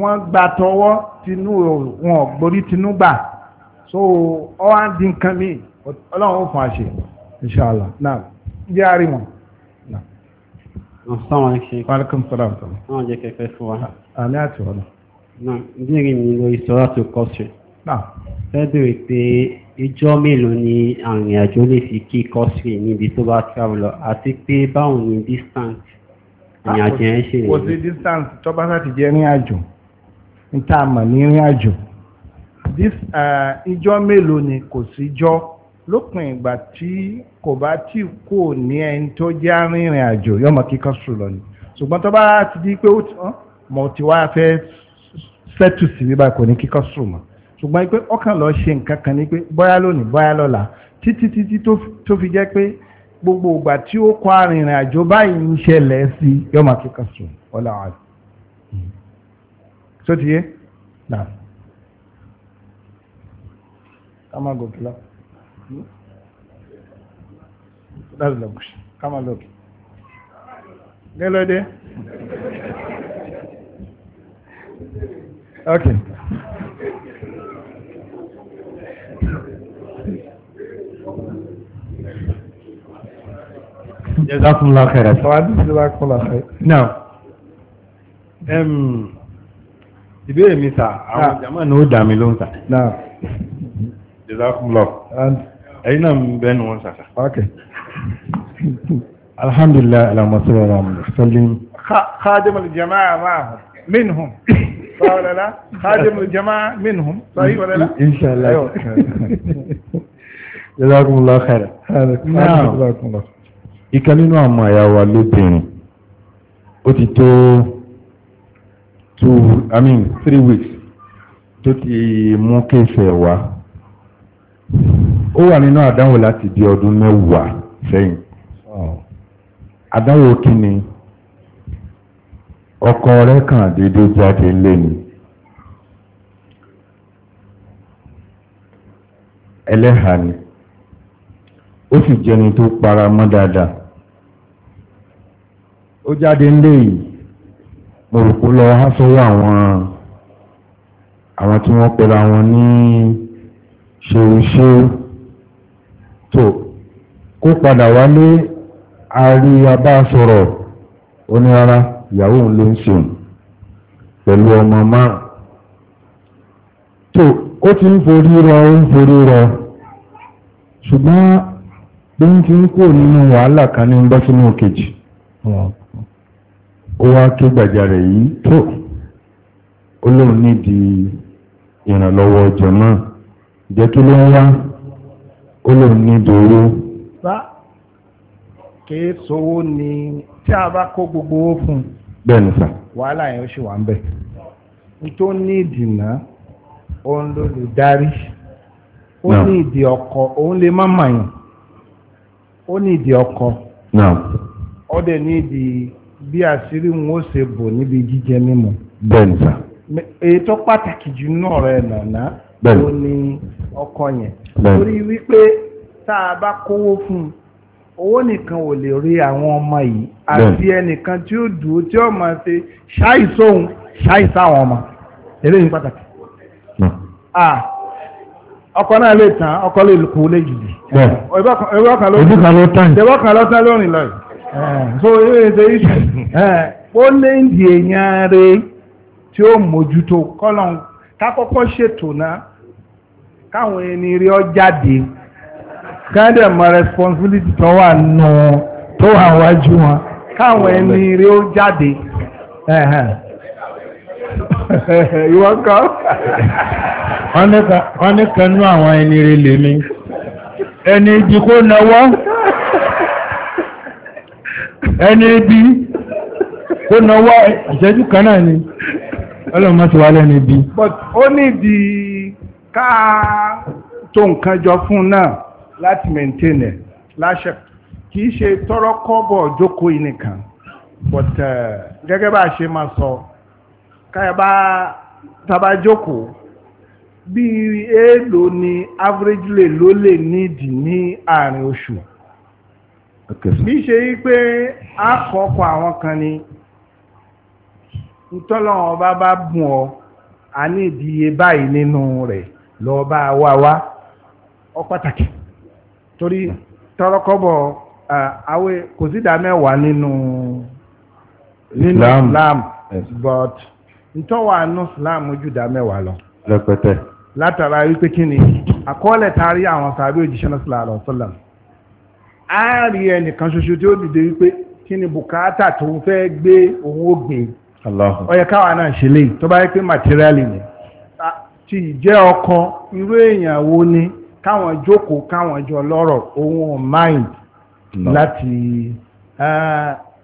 Speaker 1: wọ́n gba tọwọ́ tinú wọn gborí tinú gbà so ọwọ́ á di nǹkan mi ọlọ́run ó fún àṣẹ inṣàlá náà jẹ́ àrímọ̀.
Speaker 4: Assalamu alaikum. Wa alaikum salam.
Speaker 1: Wọ́n
Speaker 2: jẹ́ kẹfẹ́ fún wa.
Speaker 4: Àmì àti ọ̀nà. Náà, bí ìrìn mi lórí sọ́rọ̀ tó Náà fẹ́ bèrè pé ijọ́ mélòó ni àrìn àjò lè fi kí kọ́sìrì níbi tó bá travel àti pé báwo ni distance ìrìn àjò ah, yẹn ṣe. kò sí
Speaker 1: distance tó bá sá ti jẹ́ rìn àjò ń tá a mọ̀ ní rìn àjò eh, ijọ́ mélòó ni kò sí jọ́ lópin ìgbà tí kò bá tí kò ní ẹni tó jẹ́ arìnrìn àjò yọmọ kí kọ́sìrì lọ ni ṣùgbọ́n tó bá ti di pé mo ti wá fẹ́ sẹ́tù sí bíbá kò ní kí kọ́sìrì mọ́ ṣùgbọ́n pé ọkàn lọ ṣe nǹkan kan ní pé bóyá lónìí bóyá lọ́la títí títí tó fi jẹ́ pé gbogbo ìgbà tí ó kọ arìnrìn àjò báyìí ń ṣẹlẹ̀ sí yóò máa kíkà sùn ọ̀la àrùn. só ti yé? náà ká máa gòkè lọ. láti lọ gùn ká máa lọ gùn. lélọ́dẹ́. okay. Jazakumullah khairan. Jazakumullah khairan. Now, ìbéèrè mi sà, àwọn ah. jàmá ní ó dàmí ló ń sà. Now, Jazakumullah. Ẹ̀yin náà ń bẹ́nu wọn sàṣà. Okay. Alhamdulillah, alamọ́sọ́rọ̀ wa mọ̀ sọ́lé. Khadimul jama'a máa minhum. صح ولا لا خادم الجماعة منهم صحيح ولا لا إن شاء الله جزاكم الله خيرا جزاكم الله ìkan nínú àwọn àyà wa lóbìnrin ó ti tó two i mean three weeks tó ti mú kéfẹ̀ wá ó wà nínú àdánwò láti di ọdún mẹ́wàá sẹ́yìn àdánwò kí ni ọkọ rẹ kàn dédé jáde lé ni ẹlẹ́hà ni ó sì jẹni tó para mọ́ dáadáa ó jáde ńlé yìí mo rò pé lọ wá sọ́wọ́ àwọn àwọn tí wọ́n pera wọn ní ṣeúṣeú tó kó padà wálé a rí abá sọ̀rọ̀ onírárá. ìyàwó òun ló ń pẹ̀lú ọmọ ma tó ó ti ń forí rọ ó ń forí rọ ṣùgbọ́n bí ti ń kó nínú wàhálà kejì ó wá ké gbàjarè yìí tó ó lóun nídìí ìrànlọ́wọ́ jẹ́ kí ló ń gbogbo owó bẹ́ẹ̀ ni sà. wàhálà yẹn ó ṣì wà ń bẹ̀ tó ní ìdìnnà òun ló lè darí ó ní ìdí ọkọ òun lè má màyàn ó ní ìdí ọkọ ó dẹ̀ ní ìdí bí àṣírí wọn ó ṣe bò níbi jíjẹ mímu. bẹ́ẹ̀ ni sà. èyí tó pàtàkì jù náà rẹ̀ nàná ó ní ọkọ yẹn torí wípé tá a bá kówó fún un owó nìkan ò lè rí àwọn ọmọ yìí àti ẹnìkan tí ó dùn tí ó máa ṣe ṣáìsóhun ọmọ eléyìí pàtàkì ọkọ náà lè tán ọkọ lè lè ló tán ló tán lọ so ṣe ó lé èèyàn rẹ tí ó mójútó ṣètò náà káwọn ẹni rí káàdẹ̀ mọ responsibility tó wà nù tó wà wájú wọn káwọn ẹni rí ó jáde ìwọ kọ́. wọ́n ní kan nú àwọn ẹni rí lèmi ẹni ibi kó náwó ẹni ibi kó náwó ìṣẹ́jú kan náà ni ọlọ́mọ ti wà lẹ́nu ibi. but ó ní di ká tó nǹkan jọ fún náà. láti maintain ẹ̀ láṣẹ kì í ṣe tọrọ kọ́bọ̀ jókòó yìí nìkan but uh, gẹ́gẹ́ bá a ṣe máa sọ káyọ̀bá tàbá jókòó bí èèlò ni average lè ló lè nídìí ní àárín oṣù bí ṣe yí pé àkọ́kọ́ àwọn kan ni ntọ́lọ́wọ́n bá bá bùn ọ́ a ìdíye báyìí nínú rẹ̀ lọ́ọ́ bá wá wá ọ pàtàkì torí tọ́rọ́kọ́bọ̀ awe kò sí ìdá mẹ́wàá nínú Islam but ntọ́wà nínú Islam ojú ìdá mẹ́wàá lọ. rẹpẹtẹ. látara wípé kí ni àkọọ́lẹ̀ taari àwọn sàbí òjíṣẹ́ náà sílá àrọ̀ sọ́lá á rí ẹnìkan ṣoṣo tí ó dìde wípé kí ni bùkátà tó ń fẹ́ gbé òun ó gbé ó yẹ káwa náà ṣe léyìí tó bá yẹ pé material ni ti jẹ́ ọkọ irú èèyàn wo ni káwọn jókòó káwọn jọ lọ́rọ̀ òun ò mind láti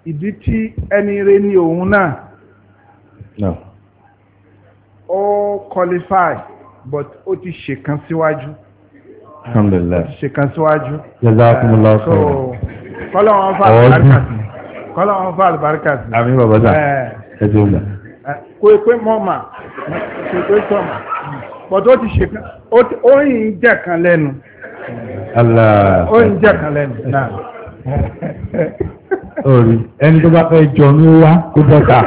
Speaker 1: ìdí tí ẹni rẹ ní òun náà ó qualify but ó ti ṣèkan síwájú. ṣèkan síwájú. jazakumullahu fà àlùbáríkà sí. kọ́lọ́ fà àlùbáríkà sí. àmín bàbá sà ẹ ti wù dà. kò pé mọ́ mà kò pé tọ́ mà but ó ti ṣe kan ó ń jẹ́ kan lẹ́nu ó ń jẹ́ kan lẹ́nu náà. orí ẹni tó bá fẹ́
Speaker 2: jọ ní wá kó bọ́ta.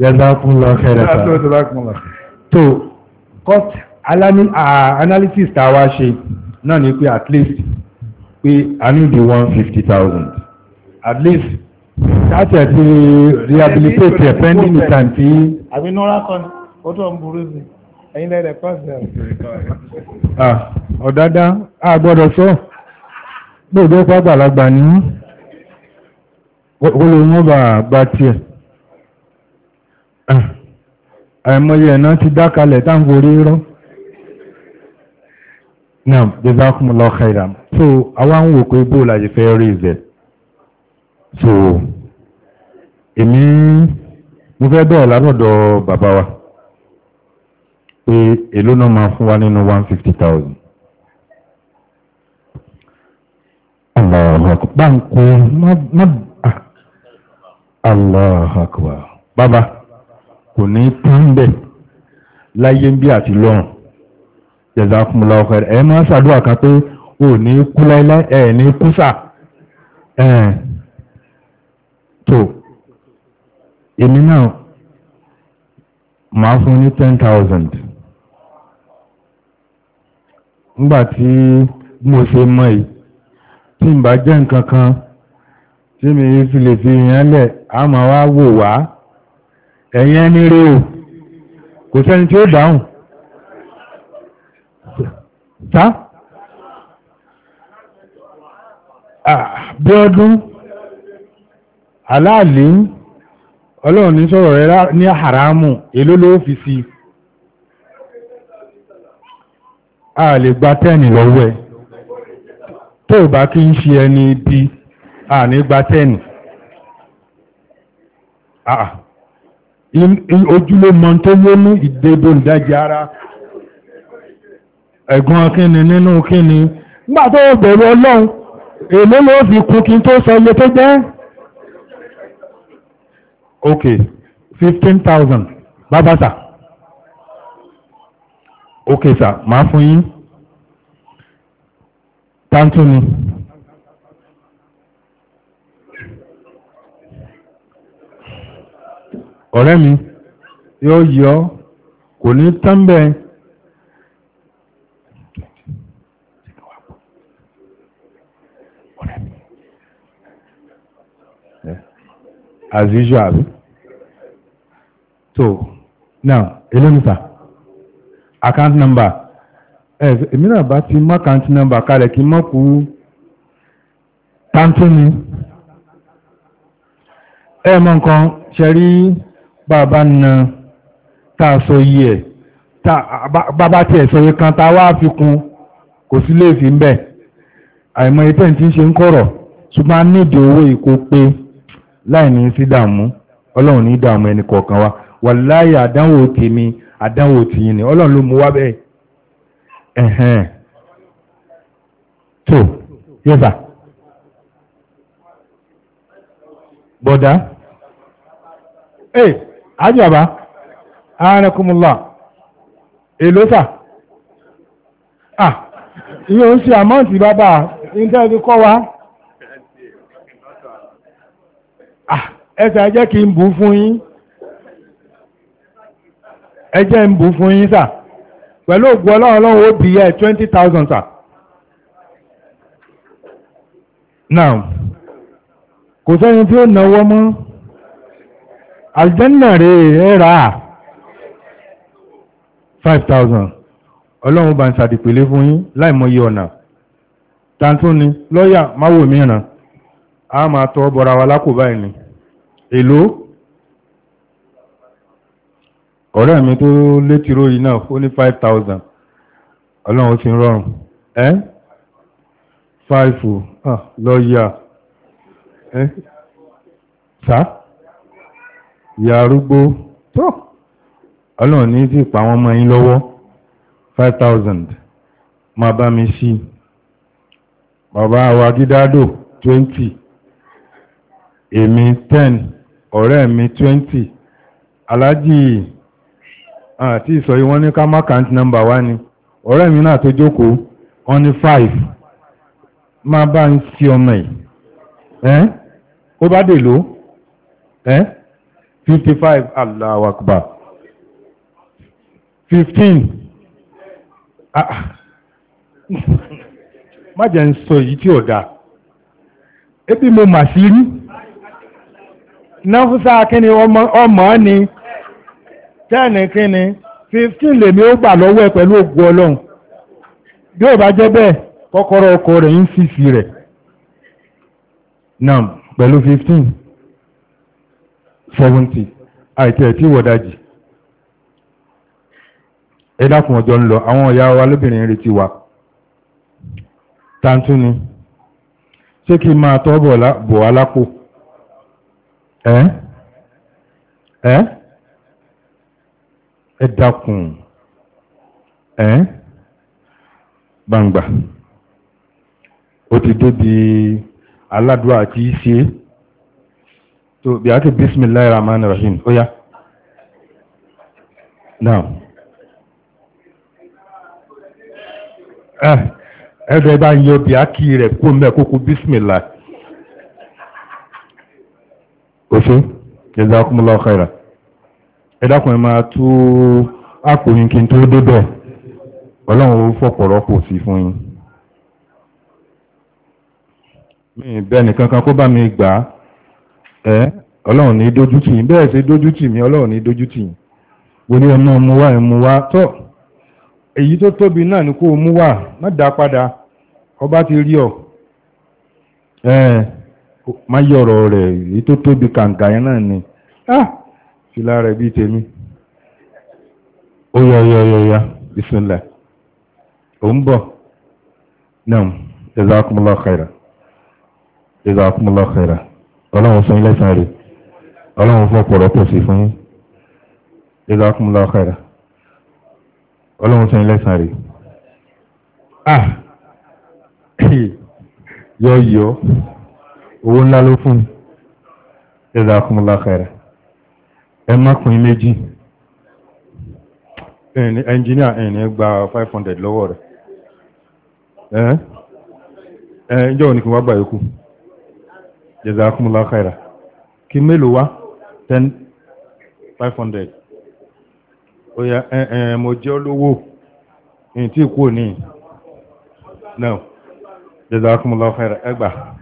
Speaker 1: Jazakumullahu khairan. tó cost analysis tá a wá ṣe náà ni pé at least pé a need one fifty thousand at least láti ẹ̀tí rehabilitate ẹ̀ fẹ́ndì nìkan tí. àbí nora kan ó tó ń burú sí ẹ̀yin lẹ́lẹ̀ pàṣẹ. Ah, ọ̀dádá a gbọ́dọ̀ sọ gbọ́dọ̀ pàgbàlagbà ní olóyúnbà gba tiẹ̀ ah, àìmọye ẹ̀nà ti dákalẹ̀ táǹkò rí rọ́ náà jazakumullahu khairan so àwọn àwọn òkú ibò làyè fẹ́ rí ìzẹ̀ so èmi mo fẹ́ bẹ̀rẹ̀ lánàdọ̀ bàbá wa pé èló náà máa fún wa nínú 150,000 Allahu Akbar báńkù Allahu Akbar bàbá kò ní tán bẹ̀ láyé bí àti lọ́run jazakumullahu khair ẹ̀ máa ṣàdúrà kan pé ò ní kú láíláí ẹ̀ ní kúsà ẹ̀ tó èmi náà máa fún ní ten thousand nígbà tí mo ṣe mọ̀ yìí tí n bá jẹ́ nǹkan kan tí mi fi lè fi yàn lẹ̀ a máa wá wò wá ẹ̀yìn ẹni kò sẹ́ni tí ó dáhùn sá ah, bí ọdún aláàlì ọlọ́run ní sọ̀rọ̀ rẹ ní haramu èló ló fi sí a lè gba tẹ́ẹ̀nì lọ́wọ́ ẹ tó bá kí ń ṣe ẹni bí a ní gba tẹ́ẹ̀nì ojúlé mọ́ tó lónú ìdébò ìdájí ara ẹ̀gbọ́n kíni nínú kíni nígbà tó bẹ̀rù ọlọ́run èló ló fi kú kí n tó sọ iye tó jẹ́ ok fifteen thousand bàbá sà ok sà màá fún yín tántún ni. ọ̀rẹ́ mi yóò yọ kò ní tán bẹ́ẹ̀. as usual so now eléyìíta account number ẹ èmi náà bá ti mọ account number kalẹ̀ kí n mọ̀ kú tántúni ẹ mọ nǹkan ṣe rí bàbá na tá a sọ yí ẹ̀ bàbá tí ẹ̀ sọ yí kan tá a wá fi kún kò sí lè fi ń bẹ̀ ń ṣe ń kọ̀rọ̀ ṣùgbọ́n a nídìí owó ìkó pé láì ní sí dààmú ọlọ́run ní dààmú ẹni kọ̀ọ̀kan wa wàláyé àdánwò tèmi àdánwò tìyìn ni ọlọ́run ló mú wá bẹ́ẹ̀ ẹ̀hẹ́n tó yẹ́sà bọ̀dá ẹ̀ àjàbá ààrẹkùnmùlà èlósà ah iye oúnjẹ àmọ́ǹtì bàbá ìntẹ́ẹ̀dì kọ́ wa ẹsẹ̀ ẹjẹ́ kí n bù fún yín ẹjẹ́ ń bù fún yín sà pẹ̀lú ògbó ọlọ́run ọlọ́run bí ẹ̀ twenty sà. now kò ọ tí ó náwó mọ́ aljanna rẹ̀ ẹ̀ rà ọlọ́run bá ń fún yín ọ̀nà tàǹtún ni lọ́ọ̀yà máwò mìíràn a máa tọ́ bọ́ra wa lákòó ni. èlò ọ̀rẹ́ mi tó létíró yìí náà ó ní 5,000 ọlọ́run ti rọrùn ẹ́ 5 ah, lọ́yà ẹ́ sá ìyá arúgbó tó ọlọ́run ní sí ìpa àwọn ọmọ yín lọ́wọ́ 5,000 máa bá mi sí bàbá wa gídádò 20 èmi 10 ọ̀rẹ́ mi 20 alájì àti ìsọ̀ yìí wọ́n ní ká 1 nọ́mbà wá ni ọ̀rẹ́ mi náà tó jókòó wọ́n ní 5 máa bá ń sí ọmọ yìí ẹ́ ó bá dè ló ẹ́ 55 Allahu 15 ah, ah má jẹ́ ń sọ èyí tí ọ̀dà mo mà sí rí náfúsà kíni ọmọ ni tẹ́ẹ̀nì kíni fifteen lèmi ó gbà lọ́wọ́ ẹ pẹ̀lú ògùn ọlọ́run bí ó bá jẹ́ bẹ́ẹ̀ kọ́kọ́rọ́ ọkọ rẹ̀ ń fìfì rẹ̀ nam pẹ̀lú fifteen seventy àìtí ẹ̀tí wọ̀dájì ẹ dákun ọjọ́ ń lọ àwọn ọ̀yá wa lóbìnrin retí wa tàǹtún ni ṣé kí n máa tọ́ bọ̀ wá lápò ẹ́ ẹ́ ẹ dákun ẹ́ gbangba ó ti débi aládùá àti ìṣe tó bí a ti bismillah rahman rahim ó yá now ẹ̀ ah, ẹ̀rọ bá yọ bí a kí rẹ̀ kó mẹ́ kókó bismillah ó ṣe jazakumullahu khairan ẹ dákun ẹ máa tú àpò yín kí n tó débẹ̀ ọlọ́run ó fọ̀pọ̀rọ́pọ̀ sí fún yín mi bẹ́ẹ̀ni kankan kó bá mi gbà ẹ́ ọlọ́run ní dójútì yín bẹ́ẹ̀ ṣe dójútì mi ọlọ́run ní dójútì yín ní ọmọ mú wá ẹ̀mú wá tọ́ èyí tó tóbi náà ni kó mú wá má dá padà ọba ti rí ọ ẹ̀ẹ́ má yọ̀rọ̀ rẹ̀ èyí tó tóbi kàǹkà yẹn náà ni ah fìlà rẹ̀ bíi tèmi ó yọ yọ yọ ya bisimilá ò ń bọ̀ náà jazakumullahu khaira jazakumullahu khaira
Speaker 4: ọlọ́run fún ilé sáré ọlọ́run fún ọ̀pọ̀rọ̀ pọ̀ sí
Speaker 1: fún yín jazakumullahu khaira ọlọ́run fún ilé sáré ah yọ yọ. owó ńlá ló fún khaira ẹ má pín ẹnjìníà gba 500 lọ́wọ́ rẹ̀ ẹ̀ ẹ̀ òní kí wá gbà khaira kí mélòó wá 10 500 oya ẹ̀ẹ̀ mo tí kú ní náà jazakumullahu khaira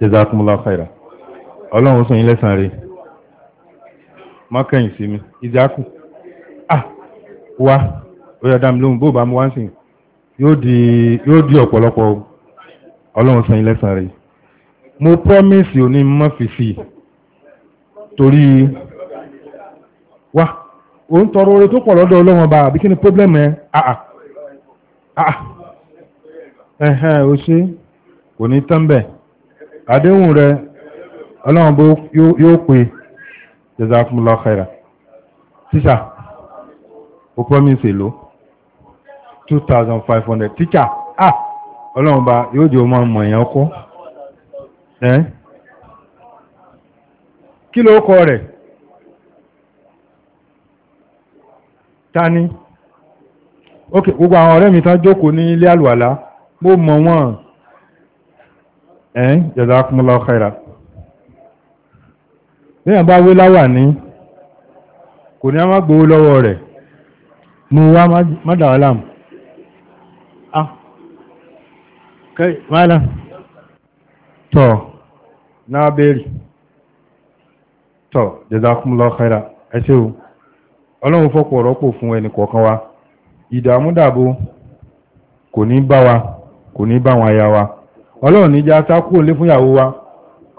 Speaker 1: jazakumullahu khaira ọlọ́run sọ yín lẹ́sàn rí mọ́kànyìn sí mi ìjákù ah wá ó yá dámi lóhun bó bá mú wáńsìn yóò di ọ̀pọ̀lọpọ̀ ọlọ́run sọ yín lẹ́sàn rí mo promise òní mọ́ fìfì torí wá o ń tọrọ oore tó pọ̀ lọ́dọ̀ ọlọ́run bá àbí kí ni problem ẹ àà àà ẹ̀hẹ́ o ṣe kò ní tán bẹ́ẹ̀ àdéhùn rẹ ọlọ́run bó yóò pè jazakumullah khaira tíṣà ó promise èlò 2500 tíṣà ah ọlọ́run bá yóò jẹ́ ọmọ ọmọ èèyàn kọ́ ẹ́ kí ló kọ rẹ̀ tani ok gbogbo àwọn ọ̀rẹ́ mi tán jókòó ní ilé àlùwàlá mo mọ̀ wọ́n ẹ̀yìn jazakumullah khaira lẹ́yìn bá wé láwà ní kò ní a má gbówó lọ́wọ́ rẹ̀ mú wá mádàálàm ah kẹ́ máàlá tọ̀ náà bèèrè tọ̀ jazakumullah o ọlọ́run fọ́pọ̀ rọ́pò fún ẹnì kọ̀ọ̀kan wa ìdààmú kò ní bá wa ọlọ́run ní já sákò lé fún ìyàwó wa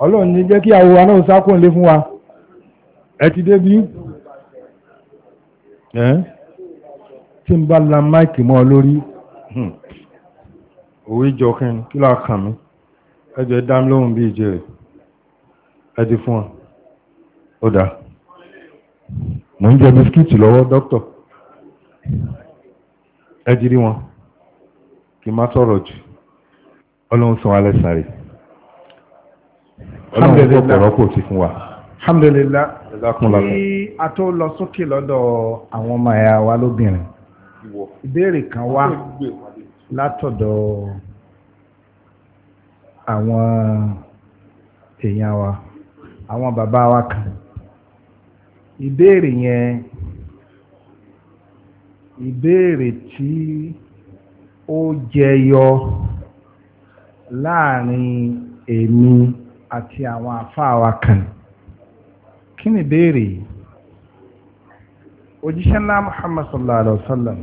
Speaker 1: ọlọ́run ní jẹ́ kí ìyàwó wa náà sákò lé fún wa ẹ ti dé bí ẹ́ tí ń bá la máìkì mọ́ lórí hmm. òwe jọkín kí ló kàn mí ẹjọ́ dám lóhun bí ìjẹ́ rẹ̀ ẹ ti fún ọ mo ń jẹ bisikíìtì lọ́wọ́ dókítà ẹ ti wọn kí má sọ̀rọ̀ jù ọlọ́run sọ alẹ́ sáré ọlọ́run tó kọ̀rọ̀ kò sí fún wa. alhamdulillah kí a tó lọ sókè lọ́dọ̀ àwọn ọmọ ẹ̀yà wa lóbìnrin ìbéèrè kan wá látọ̀dọ̀ àwọn èèyàn wa àwọn bàbá wa kan ìbéèrè yẹn ìbéèrè tí ó jẹyọ láàrin èmi àti àwọn àfáà wa kan kí ni béèrè òjíṣẹ́ ńlá Muhammad sallallahu alaihi wasallam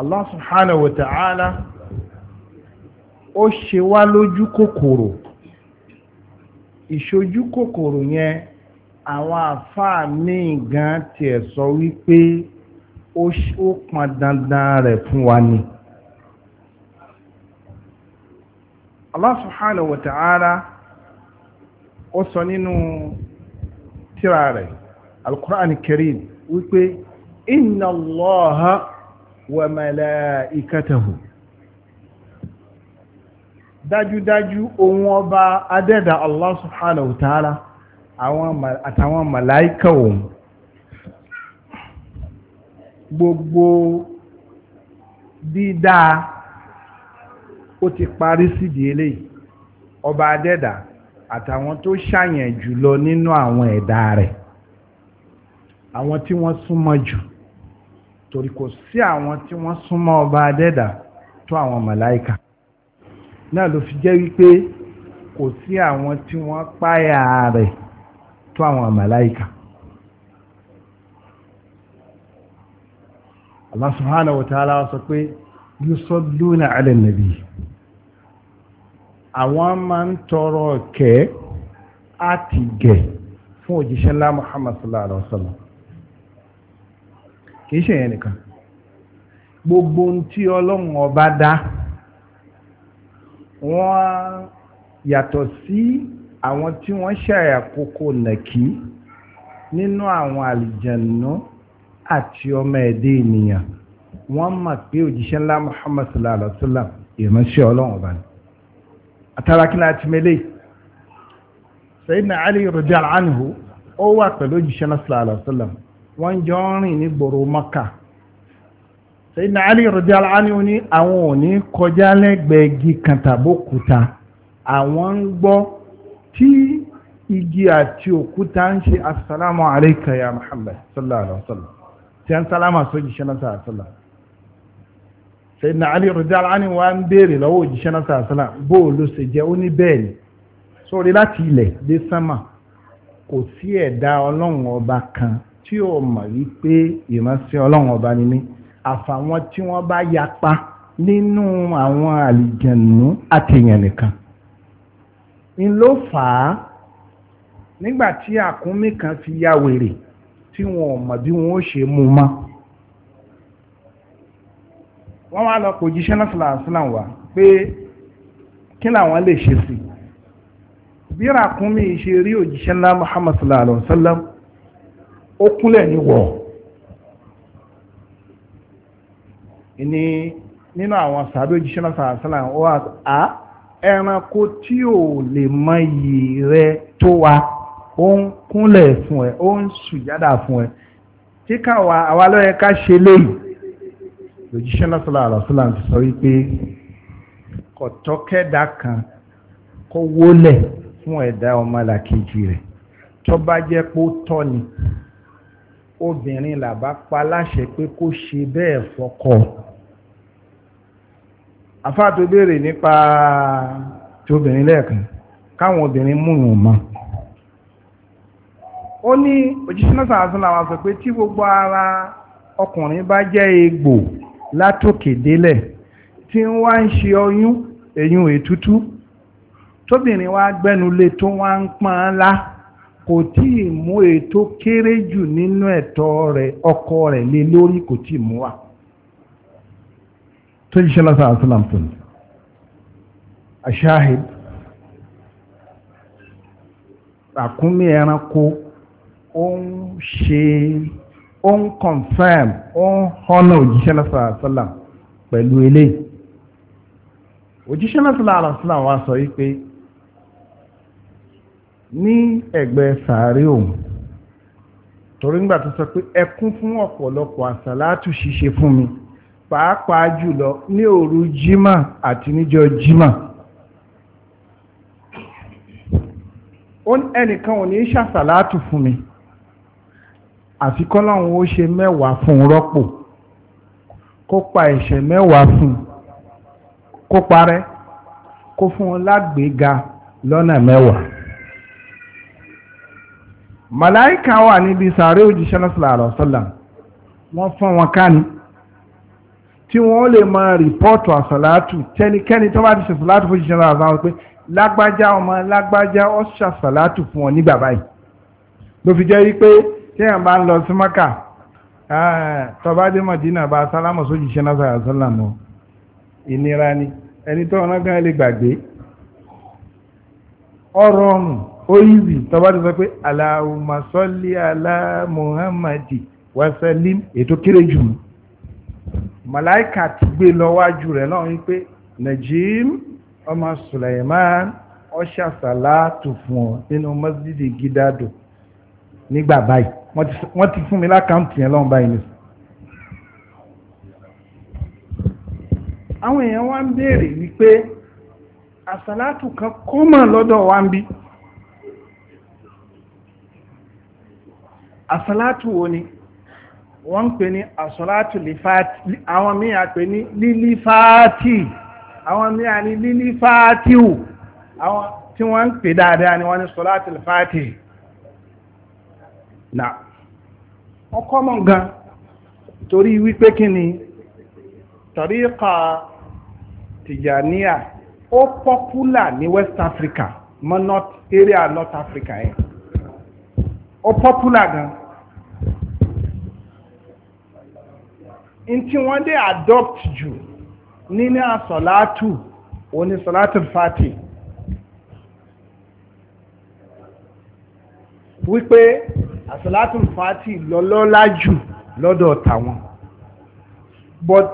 Speaker 1: Allah subhanahu wa ta'ala ó ṣe wá lójú kòkòrò ìṣojú kòkòrò yẹn àwọn àfáà míì gan tiẹ̀ sọ wípé ó pọn dandan rẹ̀ fún wa ni Allah subhanahu wa ta'ala ó sọ nínú tírà rẹ̀ al-Qur'an al-Karim wípé inna Allaha wa malaikatahu dájúdájú ohun ọba adẹ́dà Allah subhanahu wa ta'ala àtàwọn màláíkà òun gbogbo dídáa ó ti parí sídìí eléyìí ọba adẹ́dà àtàwọn tó ṣàyàn jùlọ nínú àwọn ẹ̀dá rẹ̀ àwọn tí wọ́n súnmọ́ jù torí kò sí àwọn tí wọ́n súnmọ́ ọba adẹ́dà tó àwọn màláìkà náà ló fi jẹ́ wípé kò sí àwọn tí wọ́n páyà rẹ̀ tó àwọn màláìkà. Allah subhanahu wa ta'ala sọ pé yusalluna 'ala an-nabi àwọn máa ń tọrọ kẹ́ àti gẹ̀ fún òjíṣẹ́ ńlá Muhammad sallallahu alaihi wa sallam kìí ṣe yẹn nìkan gbogbo tí ọlọ́run ọba dá wọ́n yàtọ̀ sí àwọn tí wọ́n ṣàyàkókò nàkí nínú àwọn àlìjànnú. No? àti ọmọ ẹ̀dẹ́ ènìyàn wọ́n mọ̀ pé òjíṣẹ́ ńlá Muhammad sallallahu alaihi wa sallam ìránṣẹ́ ọlọ́run ọba ni àtàrà kí láti mẹ́lẹ̀ Sayyidina Ali radiyallahu anhu ó wà pẹ̀lú òjíṣẹ́ ńlá sallallahu alaihi wa sallam wọ́n jọ ń rìn ní gbòòrò Maka Sayyidina Ali radiyallahu anhu ní àwọn ò ní kọjá lẹ́gbẹ̀ẹ́ igi kan tàbókúta àwọn ń gbọ́ tí igi àti òkúta ń ṣe assalamu alayka ya Muhammad sallallahu alaihi wa sallam tí a ń sálámà sójíṣẹ́ náà sàásílà Sayyidina Ali radiyallahu anhu wa ń béèrè lọ́wọ́ òjíṣẹ́ náà sàásílà bó o ló ṣe jẹ́ ó ní bẹ́ẹ̀ ni sórí láti ilẹ̀ dé sánmà kò sí ẹ̀dá ọlọ́run ọba kan tí ó mọ̀ wípé ìránṣẹ́ ọlọ́run ọba ni mí àfàwọn tí wọ́n bá yapa nínú àwọn àlìjẹ̀nù àtẹ̀yàn nìkan ń ló fà á nígbà tí àkúnmí kan fi ya wèrè tí wọn ò mọ̀ bí wọn ó ṣe mú ma wọ́n wá lọ kò jíṣẹ́ náà sílàsílà wà pé kí làwọn lè ṣe sí bí ràkúnmí ṣe rí òjíṣẹ́ náà Muhammad sallallahu alaihi wasallam ó kúnlẹ̀ ní wọ̀ ní nínú àwọn sàbí òjíṣẹ́ náà sílàsílà wà á ẹranko tí ò lè mọ iyì rẹ̀ tó wa ó ń kúnlẹ̀ fún ẹ ó ń sùjádà fún ẹ tí káwa àwa lọ́yẹ ká ṣe léyìí lòjíṣẹ́ lọ́sọ̀lá àlọ́sọ̀lá ti sọ wípé kọ̀tọ́kẹ́dà kan kó wólẹ̀ fún ẹ̀dá ọmọlàkejì rẹ̀ tó bá jẹ́ pé ó tọ́ ni obìnrin làbá pa láṣẹ pé kó ṣe bẹ́ẹ̀ fọ́kọ afáàtò béèrè nípa ti obìnrin lẹ́ẹ̀kan káwọn obìnrin múyùn mọ́ o ní òjíṣẹ́ náà sàásùn làwọn sọ pé tí gbogbo ara ọkùnrin bá jẹ́ egbò látòkè délẹ̀ tí wọ́n ń ṣe ọyún èyún ètútú tóbìnrin wá gbẹ́nu lé tó wá ń pọ́n án kò tí ì mú ètò kéré jù nínú ẹ̀tọ́ rẹ̀ ọkọ rẹ̀ lé lórí kò tí ì mú wa tó jíṣẹ́ lọ́sàn àṣìlám tó ó ń ṣe ó ń confirm ó ń họ́nà òjíṣẹ́ náà sọ̀rọ̀ àṣàlà pẹ̀lú eléyìí òjíṣẹ́ náà sọ̀rọ̀ àṣàlà wa sọ wípé ní ẹ̀gbẹ́ sàárè òun torí ńgbà tó sọ pé ẹkún fún ọ̀pọ̀lọpọ̀ àsàlátù ṣíṣe fún mi pàápàá jùlọ ní òru jímà àti níjọ́ jímà ẹnìkan ò ní ṣàsàlátù fún mi àfi kọ́láwọn ó ṣe mẹ́wàá fún rọ́pò kó pa ẹ̀ṣẹ̀ mẹ́wàá fún kó parẹ́ kó fún un lágbèéga lọ́nà mẹ́wàá. màláìka wà níbi sàárè òjíṣẹ́ sallallahu alaihi wasallam wọ́n fún wọn káni tí wọ́n lè máa rìpọ́ọ̀tù àsàlátù tẹnikẹ́ni tó bá ti ṣe sàlátù fún òjíṣẹ́ sallallahu alaihi pé lágbájá ọmọ lágbájá ó ṣàsàlátù fún ọ ní bàbá yìí fi jẹ́ wípé téèyàn bá ń lọ sí maka eh, tọba dé madina bá sálámà sójì ṣe náà sàrà sálàmù ìnira ni ẹni tó ọ̀nà gan lè gbàgbé ọ̀rọ̀ ọ̀run ó yìí tọba dé sọ pé Allahumma salli ala Muhammadi wa sallim ètò kéré jù mí màláìkà ti gbé lọ wájú rẹ̀ náà wípé Najim ọmọ Suleiman ọṣà sàlátù fún ọ nínú masjid gidado nígbà báyìí wọ́n ti fún mi lákàntì yẹn lọ́n báyìí nìsí. àwọn èèyàn wá ń béèrè wípé àsàlátù kan kọ́mọ̀ lọ́dọ̀ wa ń bí àsàlátù wo ni wọ́n ń pè ní àsàlátù lífàtì àwọn míì à pè ní lílífàtì àwọn míì à ní lílífàtìwù àwọn tí wọ́n ń pè dáadáa ni wọ́n ní sọ́látù lífàtì. na ọkọ́ mọ̀ gan torí wípé kí ni tọ̀ríkà tìjàníà ó ní West Africa mọ́ north area North Africa yẹn ó pọ́pùlà gan ntí wọ́n dé adopt jù nínú àsọ̀látù òní sọ̀látù fati wípé àsàlátùl fàtì lọ́lọ́lá jù lọ́dọ̀ tàwọn but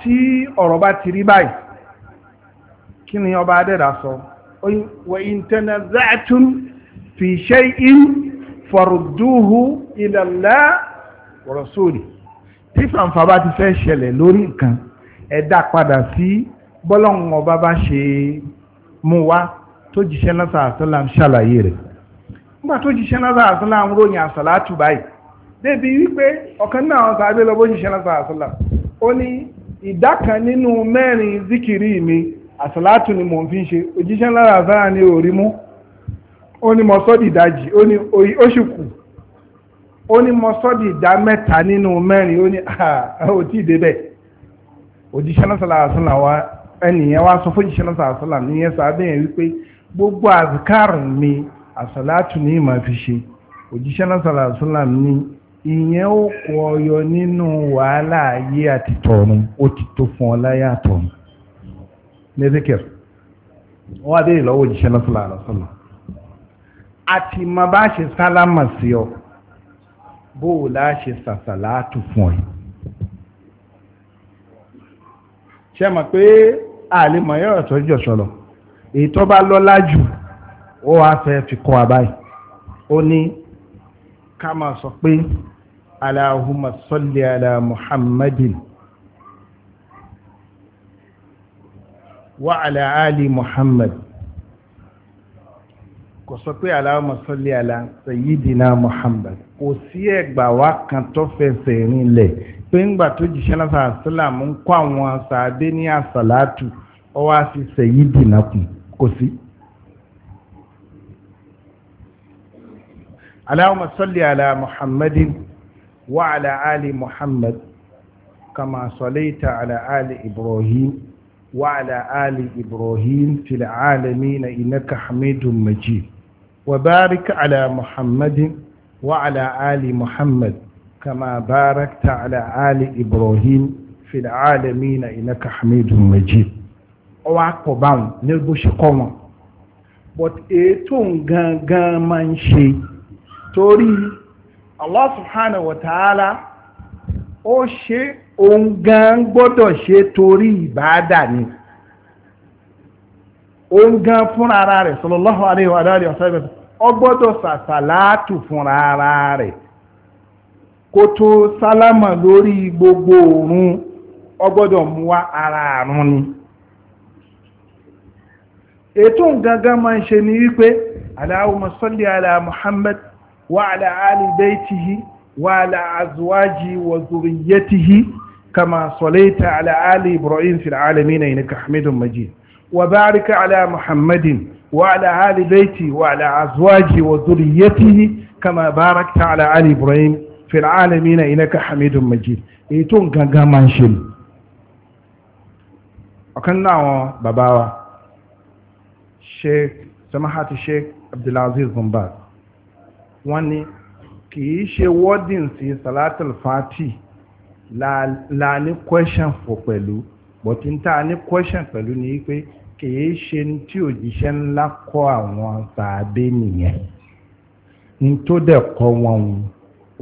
Speaker 1: tí ọ̀rọ̀ bá ti rí báyìí kí ni ọba adẹ́dà sọ wa in tanaza'tum fi shay'in farudduhu ila Allah wa rasuli tí fàǹfà bá ti fẹ́ ṣẹlẹ̀ lórí nǹkan ẹ dá padà sí bọ́lọ́hun ọba bá ṣe mú wá tó jíṣẹ́ lọ́sàá àtọ́lá ń ṣàlàyé rẹ̀ nígbà tó jíṣẹ́ náà àṣọlá àwọn ròyìn àṣàlá tù báyìí débi wípé ọ̀kan náà àwọn sàábé lọ bó jíṣẹ́ náà àṣọlá ó ní ìdá kan nínú mẹ́rin zikiri mi àṣàlá tù ni mò ń fi ṣe òjíṣẹ́ náà àṣàlá ni ò rí mú ó ní mo sọ́dì ìdajì ó ní oṣù kù ó ní mo sọ́dì ìdá mẹ́ta nínú mẹ́rin ó ní ò tí ì débẹ̀ òjíṣẹ́ náà àṣàlá wa ẹnìyẹn wá sọ fún òjíṣẹ́ náà àṣàlá nìyẹn sàábé yẹn wípé gbogbo àsàlátù ní ìmà fi ṣe òjíṣẹ́ náà sàlàsílàm ní ìyẹn ó kọ ọyọ nínú wàhálà ayé àti tọ̀run ó ti tó fún ọ láyé àtọ̀run lẹ́dẹ́kẹ̀rẹ́ wọ́n adé ìlọ́wọ́ òjíṣẹ́ náà sàlàsílàm àti mà bá ṣe sálámà sí ọ bó o láṣe sàsàlátù fún ọ yìí ṣe mọ̀ pé àlemọ̀ yọ̀rọ̀ tó jọ sọ̀rọ̀ èyí tó bá lọ́lá jù ó wá fẹ́ fi kún àbáyé ó ní ká máa sọ pé aláhùmá sọ́lì alá muhammadin wa alá ali muhammad kò sọ pé aláhùmá sọ́lì alá sayyidina muhammad kò sí ẹgbà wá kan tó fẹsẹ̀ rinlẹ̀ pé ńgbà tó jíṣẹ́ náà sàásílà mú kó àwọn sàádé ní àsàlátù ọwọ́ àti sayyidina kù kò sí. اللهم صل على محمد وعلى آل محمد كما صليت على آل إبراهيم وعلى آل إبراهيم في العالمين إنك حميد مجيد وبارك على محمد وعلى آل محمد كما باركت على آل إبراهيم في العالمين إنك حميد مجيد ọwọ́ àpọ̀báwọn ní bó ṣe kọ́ wọn but torí Allah subhanahu wa ta'ala ó ṣe òun gan gbọ́dọ̀ ṣe torí ìbáadà ni òun gan fún ara rẹ̀ sallallahu alaihi wa alihi wa sallam ó gbọ́dọ̀ sàṣàlátù fúnra ara rẹ̀ kó tó sálámà lórí gbogbo òrun ó gbọ́dọ̀ mú ara àrùn ni ètò gangan máa ń ṣe ni wípé Allahumma salli ala Muhammad وعلى آل بيته وعلى أزواجه وذريته كما صليت على آل إبراهيم في العالمين إنك حميد مجيد وبارك على محمد وعلى آل بيته وعلى أزواجه وذريته كما باركت على آل إبراهيم في العالمين إنك حميد مجيد إيتون غاغامان شيل أكن ناو شيخ سماحة الشيخ عبد العزيز بن باز wọ́n ní kìí ṣe wording sí salatul fati la ní question fò pẹ̀lú but n ta ní question pẹ̀lú ni pé kìí ṣe tí òjíṣẹ́ ńlá kọ́ àwọn sàábé nìyẹn n tó dẹ̀ kọ́ wọn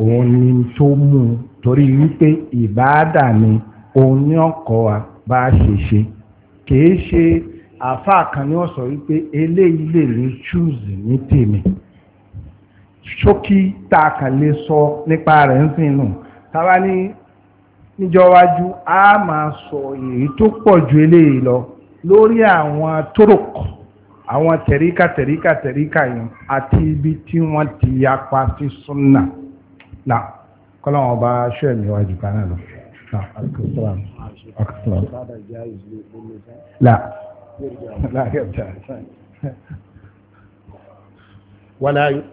Speaker 1: òun ni tó mú torí wípé ìbáàdà ni òun ní ọkọ̀ wa bá ṣe ṣe kìí ṣe àfáà kan ni wọ́n sọ wípé eléyìí lè ní choose ní tèmi ṣókí tá a kàn lè sọ nípa rẹ̀ ń sìn nù tábà ní níjọ́wájú a máa sọ èyí tó pọ̀ ju eléyìí lọ lórí àwọn tóròkù àwọn tẹ̀ríkà tẹ̀ríkà tẹ̀ríkà yìí àti ibi tí wọ́n ti yapa sí súnà náà kọ́lọ́wọ́n bá ṣọ́ ẹ̀mí wájú kan náà lọ. لا لا يبتعد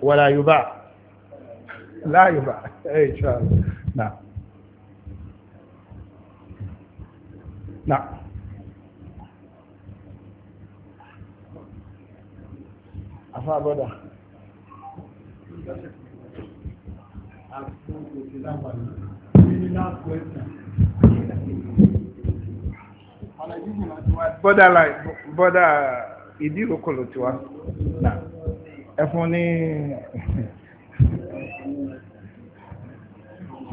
Speaker 1: ولا يباع لا يباع إن شاء الله نعم نعم أفا بدا Bọ́dà ìdí ìrókòlò tiwa. Nah ẹfún ní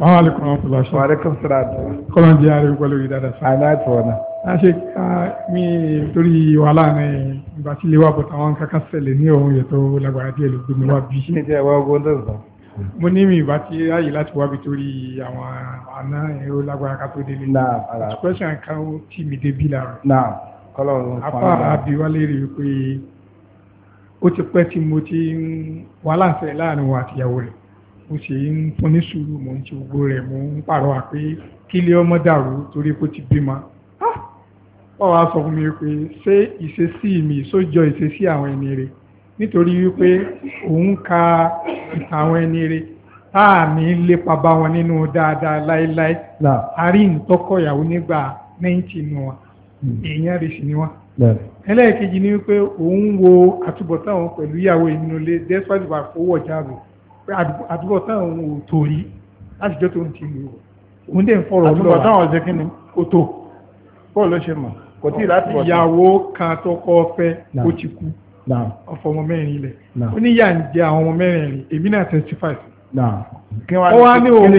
Speaker 1: Àwọn alẹ́kùn ọ̀pọ̀ lọ́ṣọ́. Wà alẹ́kùn sọ́rọ̀ àdúrà. Kọ́lọ̀n jẹ́ ààrẹ pẹ̀lú ìdádá sí. Àìlá ẹ̀tọ́ ọ̀nà. A ṣe ká mi torí wà láàrin ìgbà tí ilé wà bọ̀ táwọn kankan ṣẹlẹ̀ ní òun yẹ tó lágbára díẹ̀ ló gbé mi wá bí. Ní ti ẹ̀wọ́ ogun tó sọ. Mo ní mi ìbá ti ráyè láti wá bí torí àwọn àná ẹ̀rọ lágbára ká tó délé. Náà ara. Question kan ó tì mí débí lára. Náà kọ́lọ̀ ó ti pẹ́ tí mo ti ń wàhálà ṣẹlẹ̀ láàrin wa àtìyàwó rẹ̀ mo sì ń fún ní sùúrù mo ń rẹ̀ mo ń pàrọwà pé kílé ọmọ dàrú torí pé ó ti bímọ ah! wọ́n wá sọ fún mi pé ṣé ìṣesí mi sójọ ìṣesí àwọn ẹni rẹ̀ nítorí wípé òun ka àwọn ẹni rẹ̀ ní lépa bá wọn nínú dáadáa láéláé nígbà wọn hmm. ẹlẹ́ẹ̀kejì ni wípé òun wo àtúbọ̀tán òun pẹ̀lú ìyàwó ìnú ilé despite wà fowó ọjà rò pé àtúbọ̀tán òun ò tó rí láti jọ́ tó ń ti lò òun dẹ̀ ń fọ̀rọ̀ lọ́wọ́ àtúbọ̀tán ọ̀sẹ̀ kí ni kò tó bọ́ọ̀ ló ṣe mọ̀ kò tí láti ìyàwó kan tó kọ́ fẹ́ ó ti kú ọ̀fọ̀ ọmọ mẹ́rin ilẹ̀ ó ní yà ń jẹ àwọn ọmọ mẹ́rin rìn èmi náà testify ó wá ní òun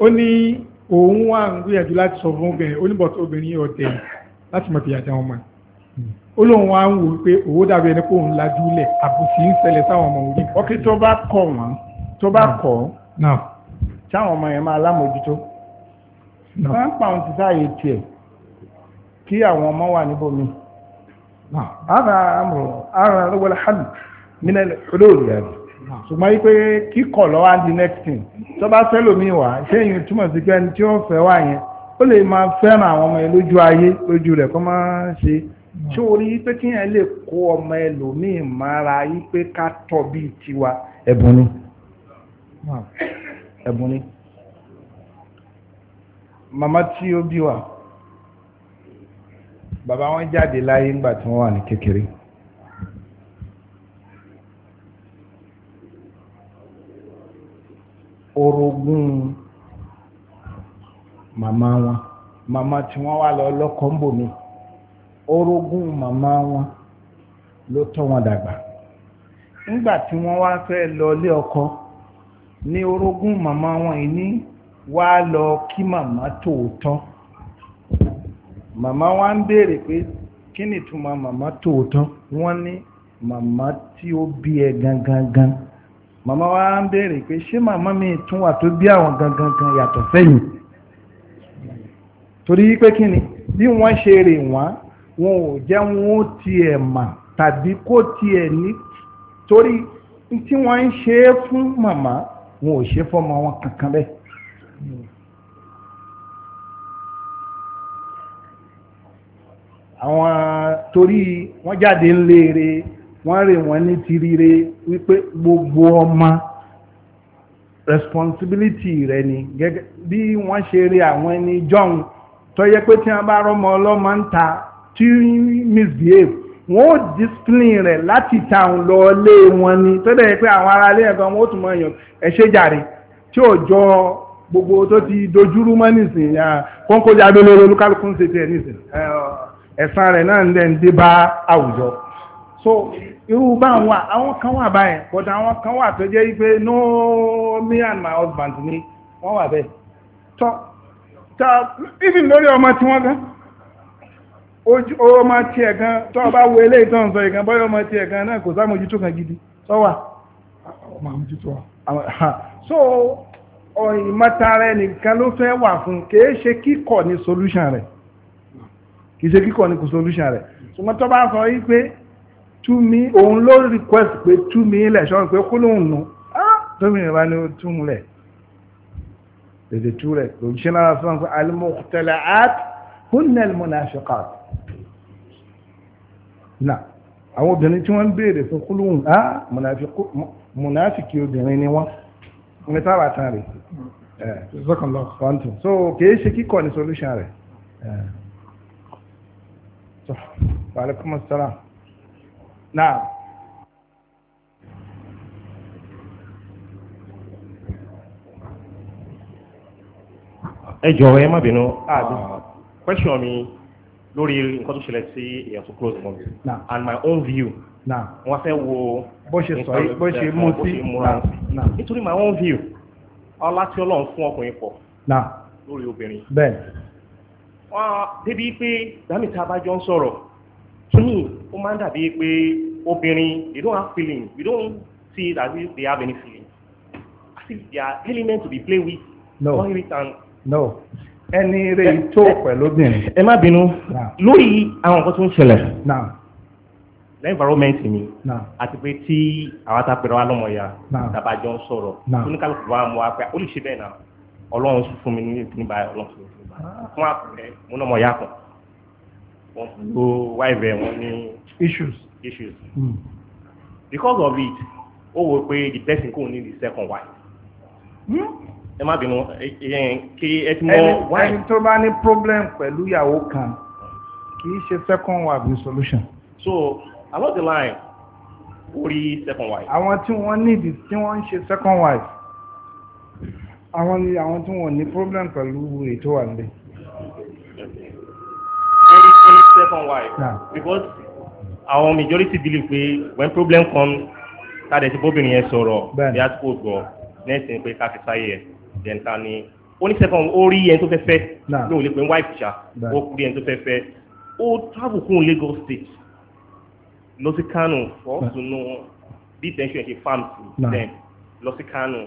Speaker 1: ó ní òun wà ń gbìyànjú láti sọ fún obìnrin oníbọ̀tọ̀ obìnrin ọ̀tẹ̀ láti mọ̀ fìyà jẹ ọmọ rẹ̀ ó lóun wá ń wò pé òwò dàbí ẹni kóun lajú lẹ̀ àbùsí ń ṣẹlẹ̀ sáwọn ọmọ òní. ok tó bá kọ̀ wọ́n tó bá kọ̀ táwọn ọmọ yẹn máa lámòjútó máa ń pa àwọn títà yìí tiẹ̀ kí àwọn ọmọ wà níbòmí. ara amọ̀ ara lọ́wọ́lá hàlù nínú olóòrè rẹ̀ ṣùgbọ́n yí pé kíkọ̀ lọ́wọ́ and next thing tó bá fẹ́ lómi wá ṣé èyí túmọ̀ sí pé ẹni tí ó fẹ́ wá yẹn ó lè máa fẹ́ràn àwọn ọmọ yẹn lójú ayé lójú rẹ̀ kó máa ṣe ṣé o rí pé kí yẹn lè kó ọmọ ẹlòmíì mára yí pé ká tọ́ bíi tiwa ẹ̀bùn ni ẹ̀bùn ni màmá tí ó bí wa bàbá wọn jáde láyé ńgbà tí wọ́n wà ní kékeré. orogún màmá wọn màmá tí wọ́n wà lọ lọ́kọ́ ń bò mí. orogún màmá wọn ló tọ́ wọn dàgbà nígbà tí wọ́n wá fẹ́ lọ ilé ọkọ ní orogún màmá wọn yìí ní wá lọ kí màmá tòótọ́ màmá wa ń béèrè pé kí ni ìtumọ̀ màmá tòótọ́ wọ́n ní màmá tí ó bí ẹ gangan màmá wa ń béèrè pé ṣé màmá mi tún wà tó bí àwọn gangan yàtọ̀ sẹ́yìn torí pé kí ni bí wọ́n ṣe rè wọ́n wọn ò jẹ́ wọn ó tiẹ̀ mà tàbí kó tiẹ̀ ní torí tí wọ́n ń ṣe é fún màmá wọn ò ṣe fọ́mọ wọn kankan bẹ́ẹ̀. àwọn torí wọn jáde ń léere wọ́n rè wọ́n ní tirire wípé gbogbo ọmọ responsibility rẹ ni gẹ́gẹ́ bí wọ́n ṣe rí àwọn ẹni jọ̀hún tó pé tí wọ́n bá rọ́mọ ọlọ́mọ ń ta tí misbehave wọn ò discipline rẹ̀ láti tàn lọ lé wọn ni tó dẹ̀ pé àwọn ará ilé ẹ̀gbọ́n wọn ó tún mọ èèyàn ẹ̀ṣẹ́ jàre tí ò jọ gbogbo tó ti dojúrú mọ́ nísìnyí kọ́ńkọ́jà abẹ́lẹ́ olúkálùkù ń ṣe tiẹ̀ nísìnyí ẹ̀san rẹ̀ náà ń dẹ̀ ń dé bá àwùjọ so irú bá àwọn àwọn kan wà báyẹn but àwọn kan wà tó jẹ́ wípé no me and my husband ni wọ́n wà bẹ́ẹ̀ tọ́ tọ́ even lórí ọmọ tí wọ́n gan ó máa ti ẹ̀gan tó ọba wo ilé ìtàn sọ ìgan bọ́yọ̀ máa ti ẹ̀gan náà kò sámójútó kan gidi sọ́wà so ìmọ̀tara ẹnìkan ló fẹ́ wà fún kìí ṣe kíkọ̀ ní solution rẹ̀ kìí ṣe kíkọ̀ ní solution rẹ̀ ṣùgbọ́n tó bá sọ yí pé tú mi òun ló request pé tú mi ilẹ̀ ṣọ́n pé kó lóun nù tóbìnrin bá ní tú mu rẹ̀ lòun munafiqat na. àwọn obìnrin tí wọ́n ń béèrè fún kúlùhùn á mùnáfíkì obìnrin ni wọ́n ní sábà rẹ̀ so kìí ṣe kíkọ ní solution rẹ̀ so
Speaker 2: ẹ má bínú
Speaker 4: ah, question mi. lórí nǹkan tó ṣẹlẹ̀ sí èèyàn close mọ́ and my own view wọ́n fẹ́ wo bó ṣe sọ yìí bó ṣe mú sí nítorí my own view ọlá tí ọlọ́run fún ọkùnrin pọ̀ lórí obìnrin bẹ́ẹ̀ wọ́n débi pé dàmí tá a bá jọ ń sọ̀rọ̀ kíní ó máa ń dàbí pé obìnrin they don't have feeling we don't see that they have any feeling as if they are element to be play with no. no ẹni rẹ̀ tó pẹ̀lú obìnrin. ẹ má bínú lórí àwọn nǹkan tó ń ṣẹlẹ̀ environment mi àti pé tí àwọn àtàpẹ̀rẹ̀ wa lọ́mọ ya tàbá jọ ń sọ̀rọ̀ oníkàlùkù wa mú wa pé ó lè ṣe bẹ́ẹ̀ náà ọlọ́run sún fún mi ní ìpínlẹ̀ báyìí ọlọ́run sún fún mi ah. fún àpẹẹrẹ mo náà mọ̀ ya kan wọ́n tó wáìbẹ̀ wọn ní issues issues hmm. because of it ó wò pé the person kò ní the second wife. Mm? ẹ má bínú kí ẹ ti mọ why. ẹni
Speaker 1: tó bá ní problem pẹ̀lú ìyàwó kan kì í ṣe second wife ní solution.
Speaker 4: so along the line ó rí second wife.
Speaker 1: àwọn tí wọ́n nídìí tí wọ́n ń ṣe second wife àwọn ni àwọn tí wọ́n ní problem pẹ̀lú ètò
Speaker 4: wà nílé. ẹni tó ní second wife. Yeah. because our majority believe pé when problem come ká dẹ̀ ti bóbìnrin yẹn sọ̀rọ̀ bí a ti kò gbọ́ nẹ́ẹ̀sì pé ká fi sáyé ẹ̀ then ta ni oníṣẹ́fọ̀n ó rí ẹni tó fẹ́ fẹ́ lóun lè pè ń wáìfì ṣá ó rí ẹni tó fẹ́ ó travel kún Lagos state lọ sí Kano for us to know bí tension ṣe farm to them lọ sí Kano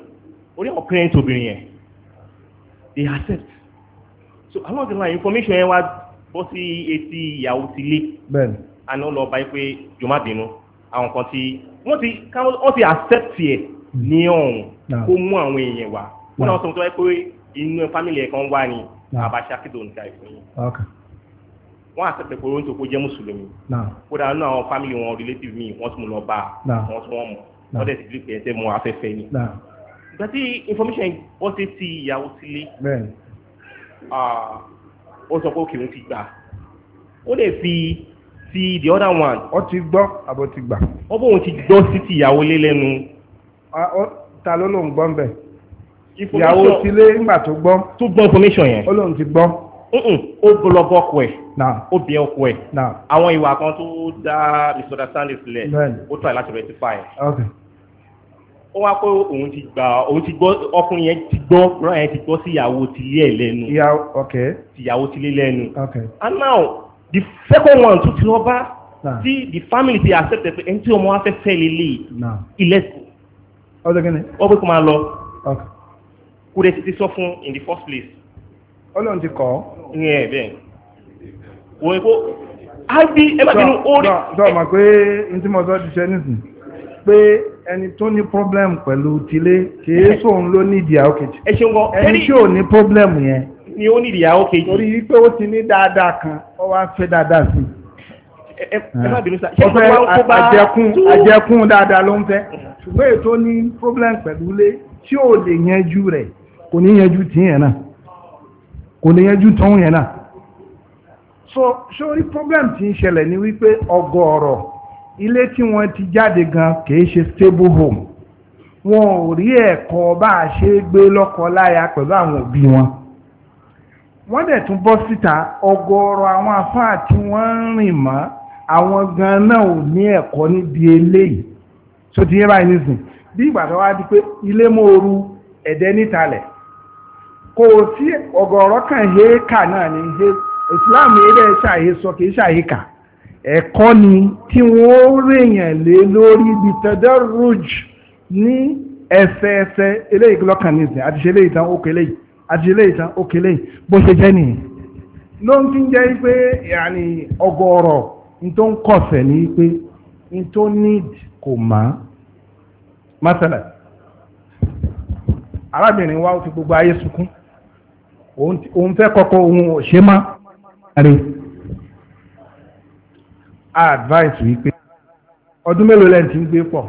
Speaker 4: orí àwọn parents obìnrin yẹn they accept so along the line information yẹn wá bọ́ sí etí ìyàwó ti lé àná lọ báyìí pé jọ̀má bínú àwọn kan tí wọ́n ti accept yẹ hmm. ní ọ̀hún kó mú àwọn èèyàn wá kó náà sọ̀tọ̀ ẹ pé inú fámìlì ẹ̀ kan ní àbáṣá kìdò nǹkan ìfún wọ́n àtẹ̀tẹ̀ pé oúnjẹ kó jẹ́ mùsùlùmí kó dáa nínú àwọn fámìlì wọn relative mi wọ́n tún lọ bá wọ́n tún wọ́n mọ̀ wọ́n dẹ̀ ti di pé ẹsẹ̀ mọ afẹ́fẹ́ ni ìgbà tí information bọ́ sí ti ìyàwó sílé ó sọ pé òkèwọ́n ti gbà ó lè fi ti the other one. ó ti gbọ́ àbò ti gbà. ó bóun ti gbọ́ sí ti ìyàwó lé lẹ́nu.
Speaker 1: ta ló lóun gbọ́ ń
Speaker 4: ìyàwó
Speaker 1: tilé ńgbà tó gbọ́. tó gbọ́ information yẹn. ó
Speaker 4: lóun ti gbọ́. ó bọlọgọ ọkọ ẹ. ó bí ọkọ ẹ. àwọn ìwà kan tó dá misunderstanding sílẹ̀ ó tọ́ láti rectify. ó wá pé òun ti gbà òun ti gbọ́ ọkùnrin yẹn ti gbọ́ rán yẹn ti gbọ́ sí ìyàwó tilé ẹ̀ lẹ́nu. ìyàwó tilé lẹ́nu. and now the second one tún ti lọ bá tí the family ti accept pé ẹni tí ọmọ wa fẹ́ fẹ́ lélẹ̀ ilẹ̀. ọ̀dọ̀ kí ni kò dẹ̀ sì ti sọ fún in the first place. ọlọ́run ti kọ́. ìyẹn bẹ́ẹ̀ wọ́n epo ábí ẹ bá bínú ó rí.
Speaker 1: dọ́ọ̀ mà pé n tí mo sọ ti ṣe nísìn pé ẹni tó ní problem pẹ̀lú tilé kìí sóun ló ní ìdíyàwó kejì
Speaker 4: ẹni tí ò ní
Speaker 1: problem yẹn ni ó ní ìdíyàwó kejì torí wípé ó ti ní dáadáa kan ó wá fẹ́ dáadáa sí
Speaker 4: i ọ̀fẹ́ ah. àjẹkún
Speaker 1: àjẹkún dáadáa ló ń fẹ́ ṣùgbọ́n ètò ní problem pẹ̀lú ilé tí ò lè yanjú rẹ̀ kò ní yanjú tí yẹn náà kò ní yanjú tó yẹn náà so sórí problem tí ń ṣẹlẹ̀ ni wípé ọgọ́ọ̀rọ̀ ilé tí wọ́n ti jáde gan kìí ṣe stable home wọn ò rí ẹ̀kọ́ bá a ṣe gbé lọ́kọ láya pẹ̀lú àwọn òbí wọn wọ́n dẹ̀ tún bọ́ síta ọgọ́ọ̀rọ̀ àwọn afáà tí wọ́n ń rìn mọ́ àwọn gan náà ò ní ẹ̀kọ́ níbi eléyìí tó ti yẹ báyìí nísìn bí ìgbà tó wá di pé ilé mòoru ẹ̀dẹ́ nítalẹ̀ kò sí ọ̀gọ̀rọ̀ kan heka náà ni he islam ilé ṣàhesọ kì í ṣàheka ẹ̀kọ́ ni tí wọ́n rèèyàn lé lórí ibi tadarruj ní ẹsẹẹsẹ eléyìí lọ́kàn nìsín àti ṣe eléyìí tán ó kélé yìí àti ṣe eléyìí tán ó bó ṣe jẹ́ nìyẹn ló ń fi jẹ́ pé ọ̀gọ̀rọ̀ tó ń kọ̀sẹ̀ ní pé tó need kò má masala arábìnrin wa ó fi gbogbo ayé sunkún òun fẹ́ kọ́kọ́ òun ò ṣe má rí advice wípé ọdún mélòó lẹ́yìn tí ń gbé pọ̀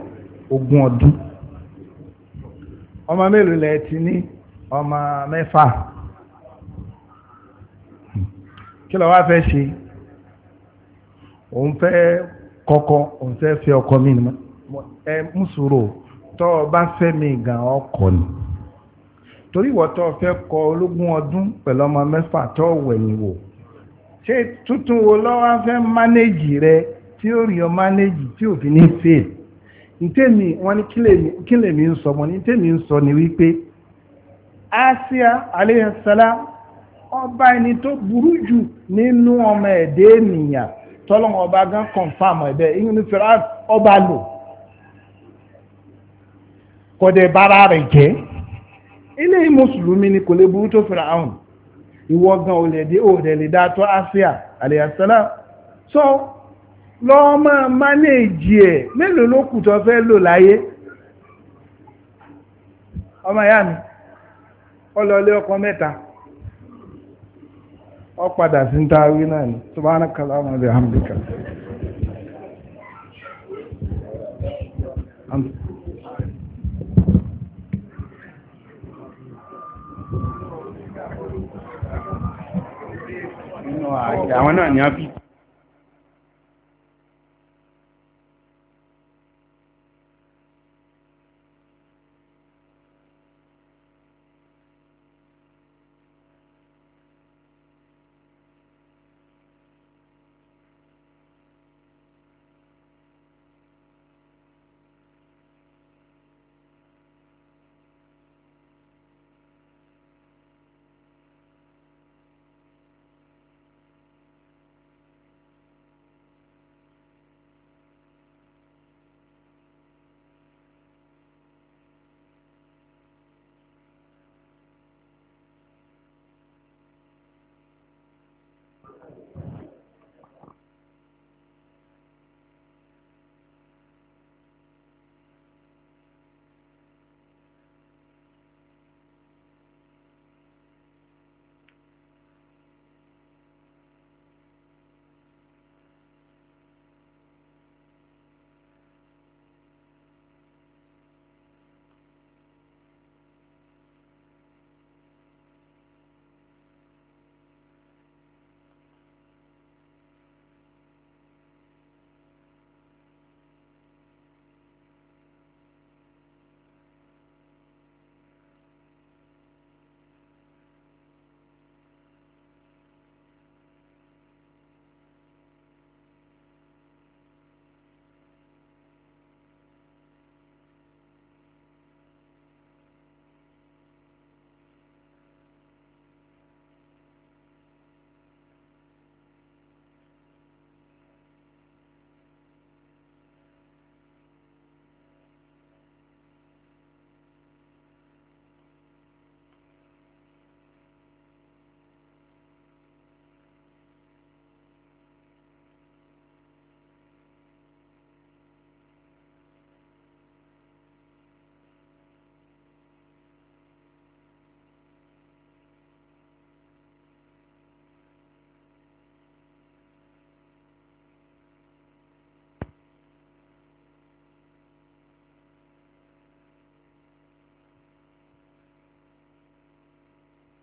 Speaker 1: ogún ọdún ọmọ mélòó lẹ́yìn tí ní ọmọ mẹ́fà kí ló wá fẹ́ ṣe òun fẹ́ kọ́kọ́ òun fẹ́ fẹ́ ọkọ mi ni ẹ mú sùúrù tọ́ ọ bá fẹ́ mi gan ọkọ ni torí ìwọ̀tọ́ fẹ́ kọ ológun ọdún pẹ̀lú ọmọ mẹ́fà tó wẹ̀yìn wò ṣé tuntun wo lọ́wọ́ fẹ́ mánéjì rẹ tí ó rí ọ mánéjì tí ò fi ní fail ntẹ́mi wọ́n ní kí lèmi ń sọ mọ́ ní ntẹ́mi ń sọ ni wípé Asia aleyhisselam ọba ẹni tó burú jù nínú ọmọ ẹ̀dẹ́ ènìyàn tọ́lọ́wọ́n ọba gan confam ẹ̀bẹ̀ inú fẹ́rẹ́ ọba lò kọ́dẹ̀ bára rẹ̀ jẹ́. ilé mùsùlùmí ni kò lè burú tó Fìràhùn ìwọ gan ò lè dé asia lè so lọ máa mánéèjì ẹ̀ mélòó ló kù fẹ́ lò láyé ọmọ mi ọkọ mẹ́ta ọ padà sí náà ni 讲完了你要闭。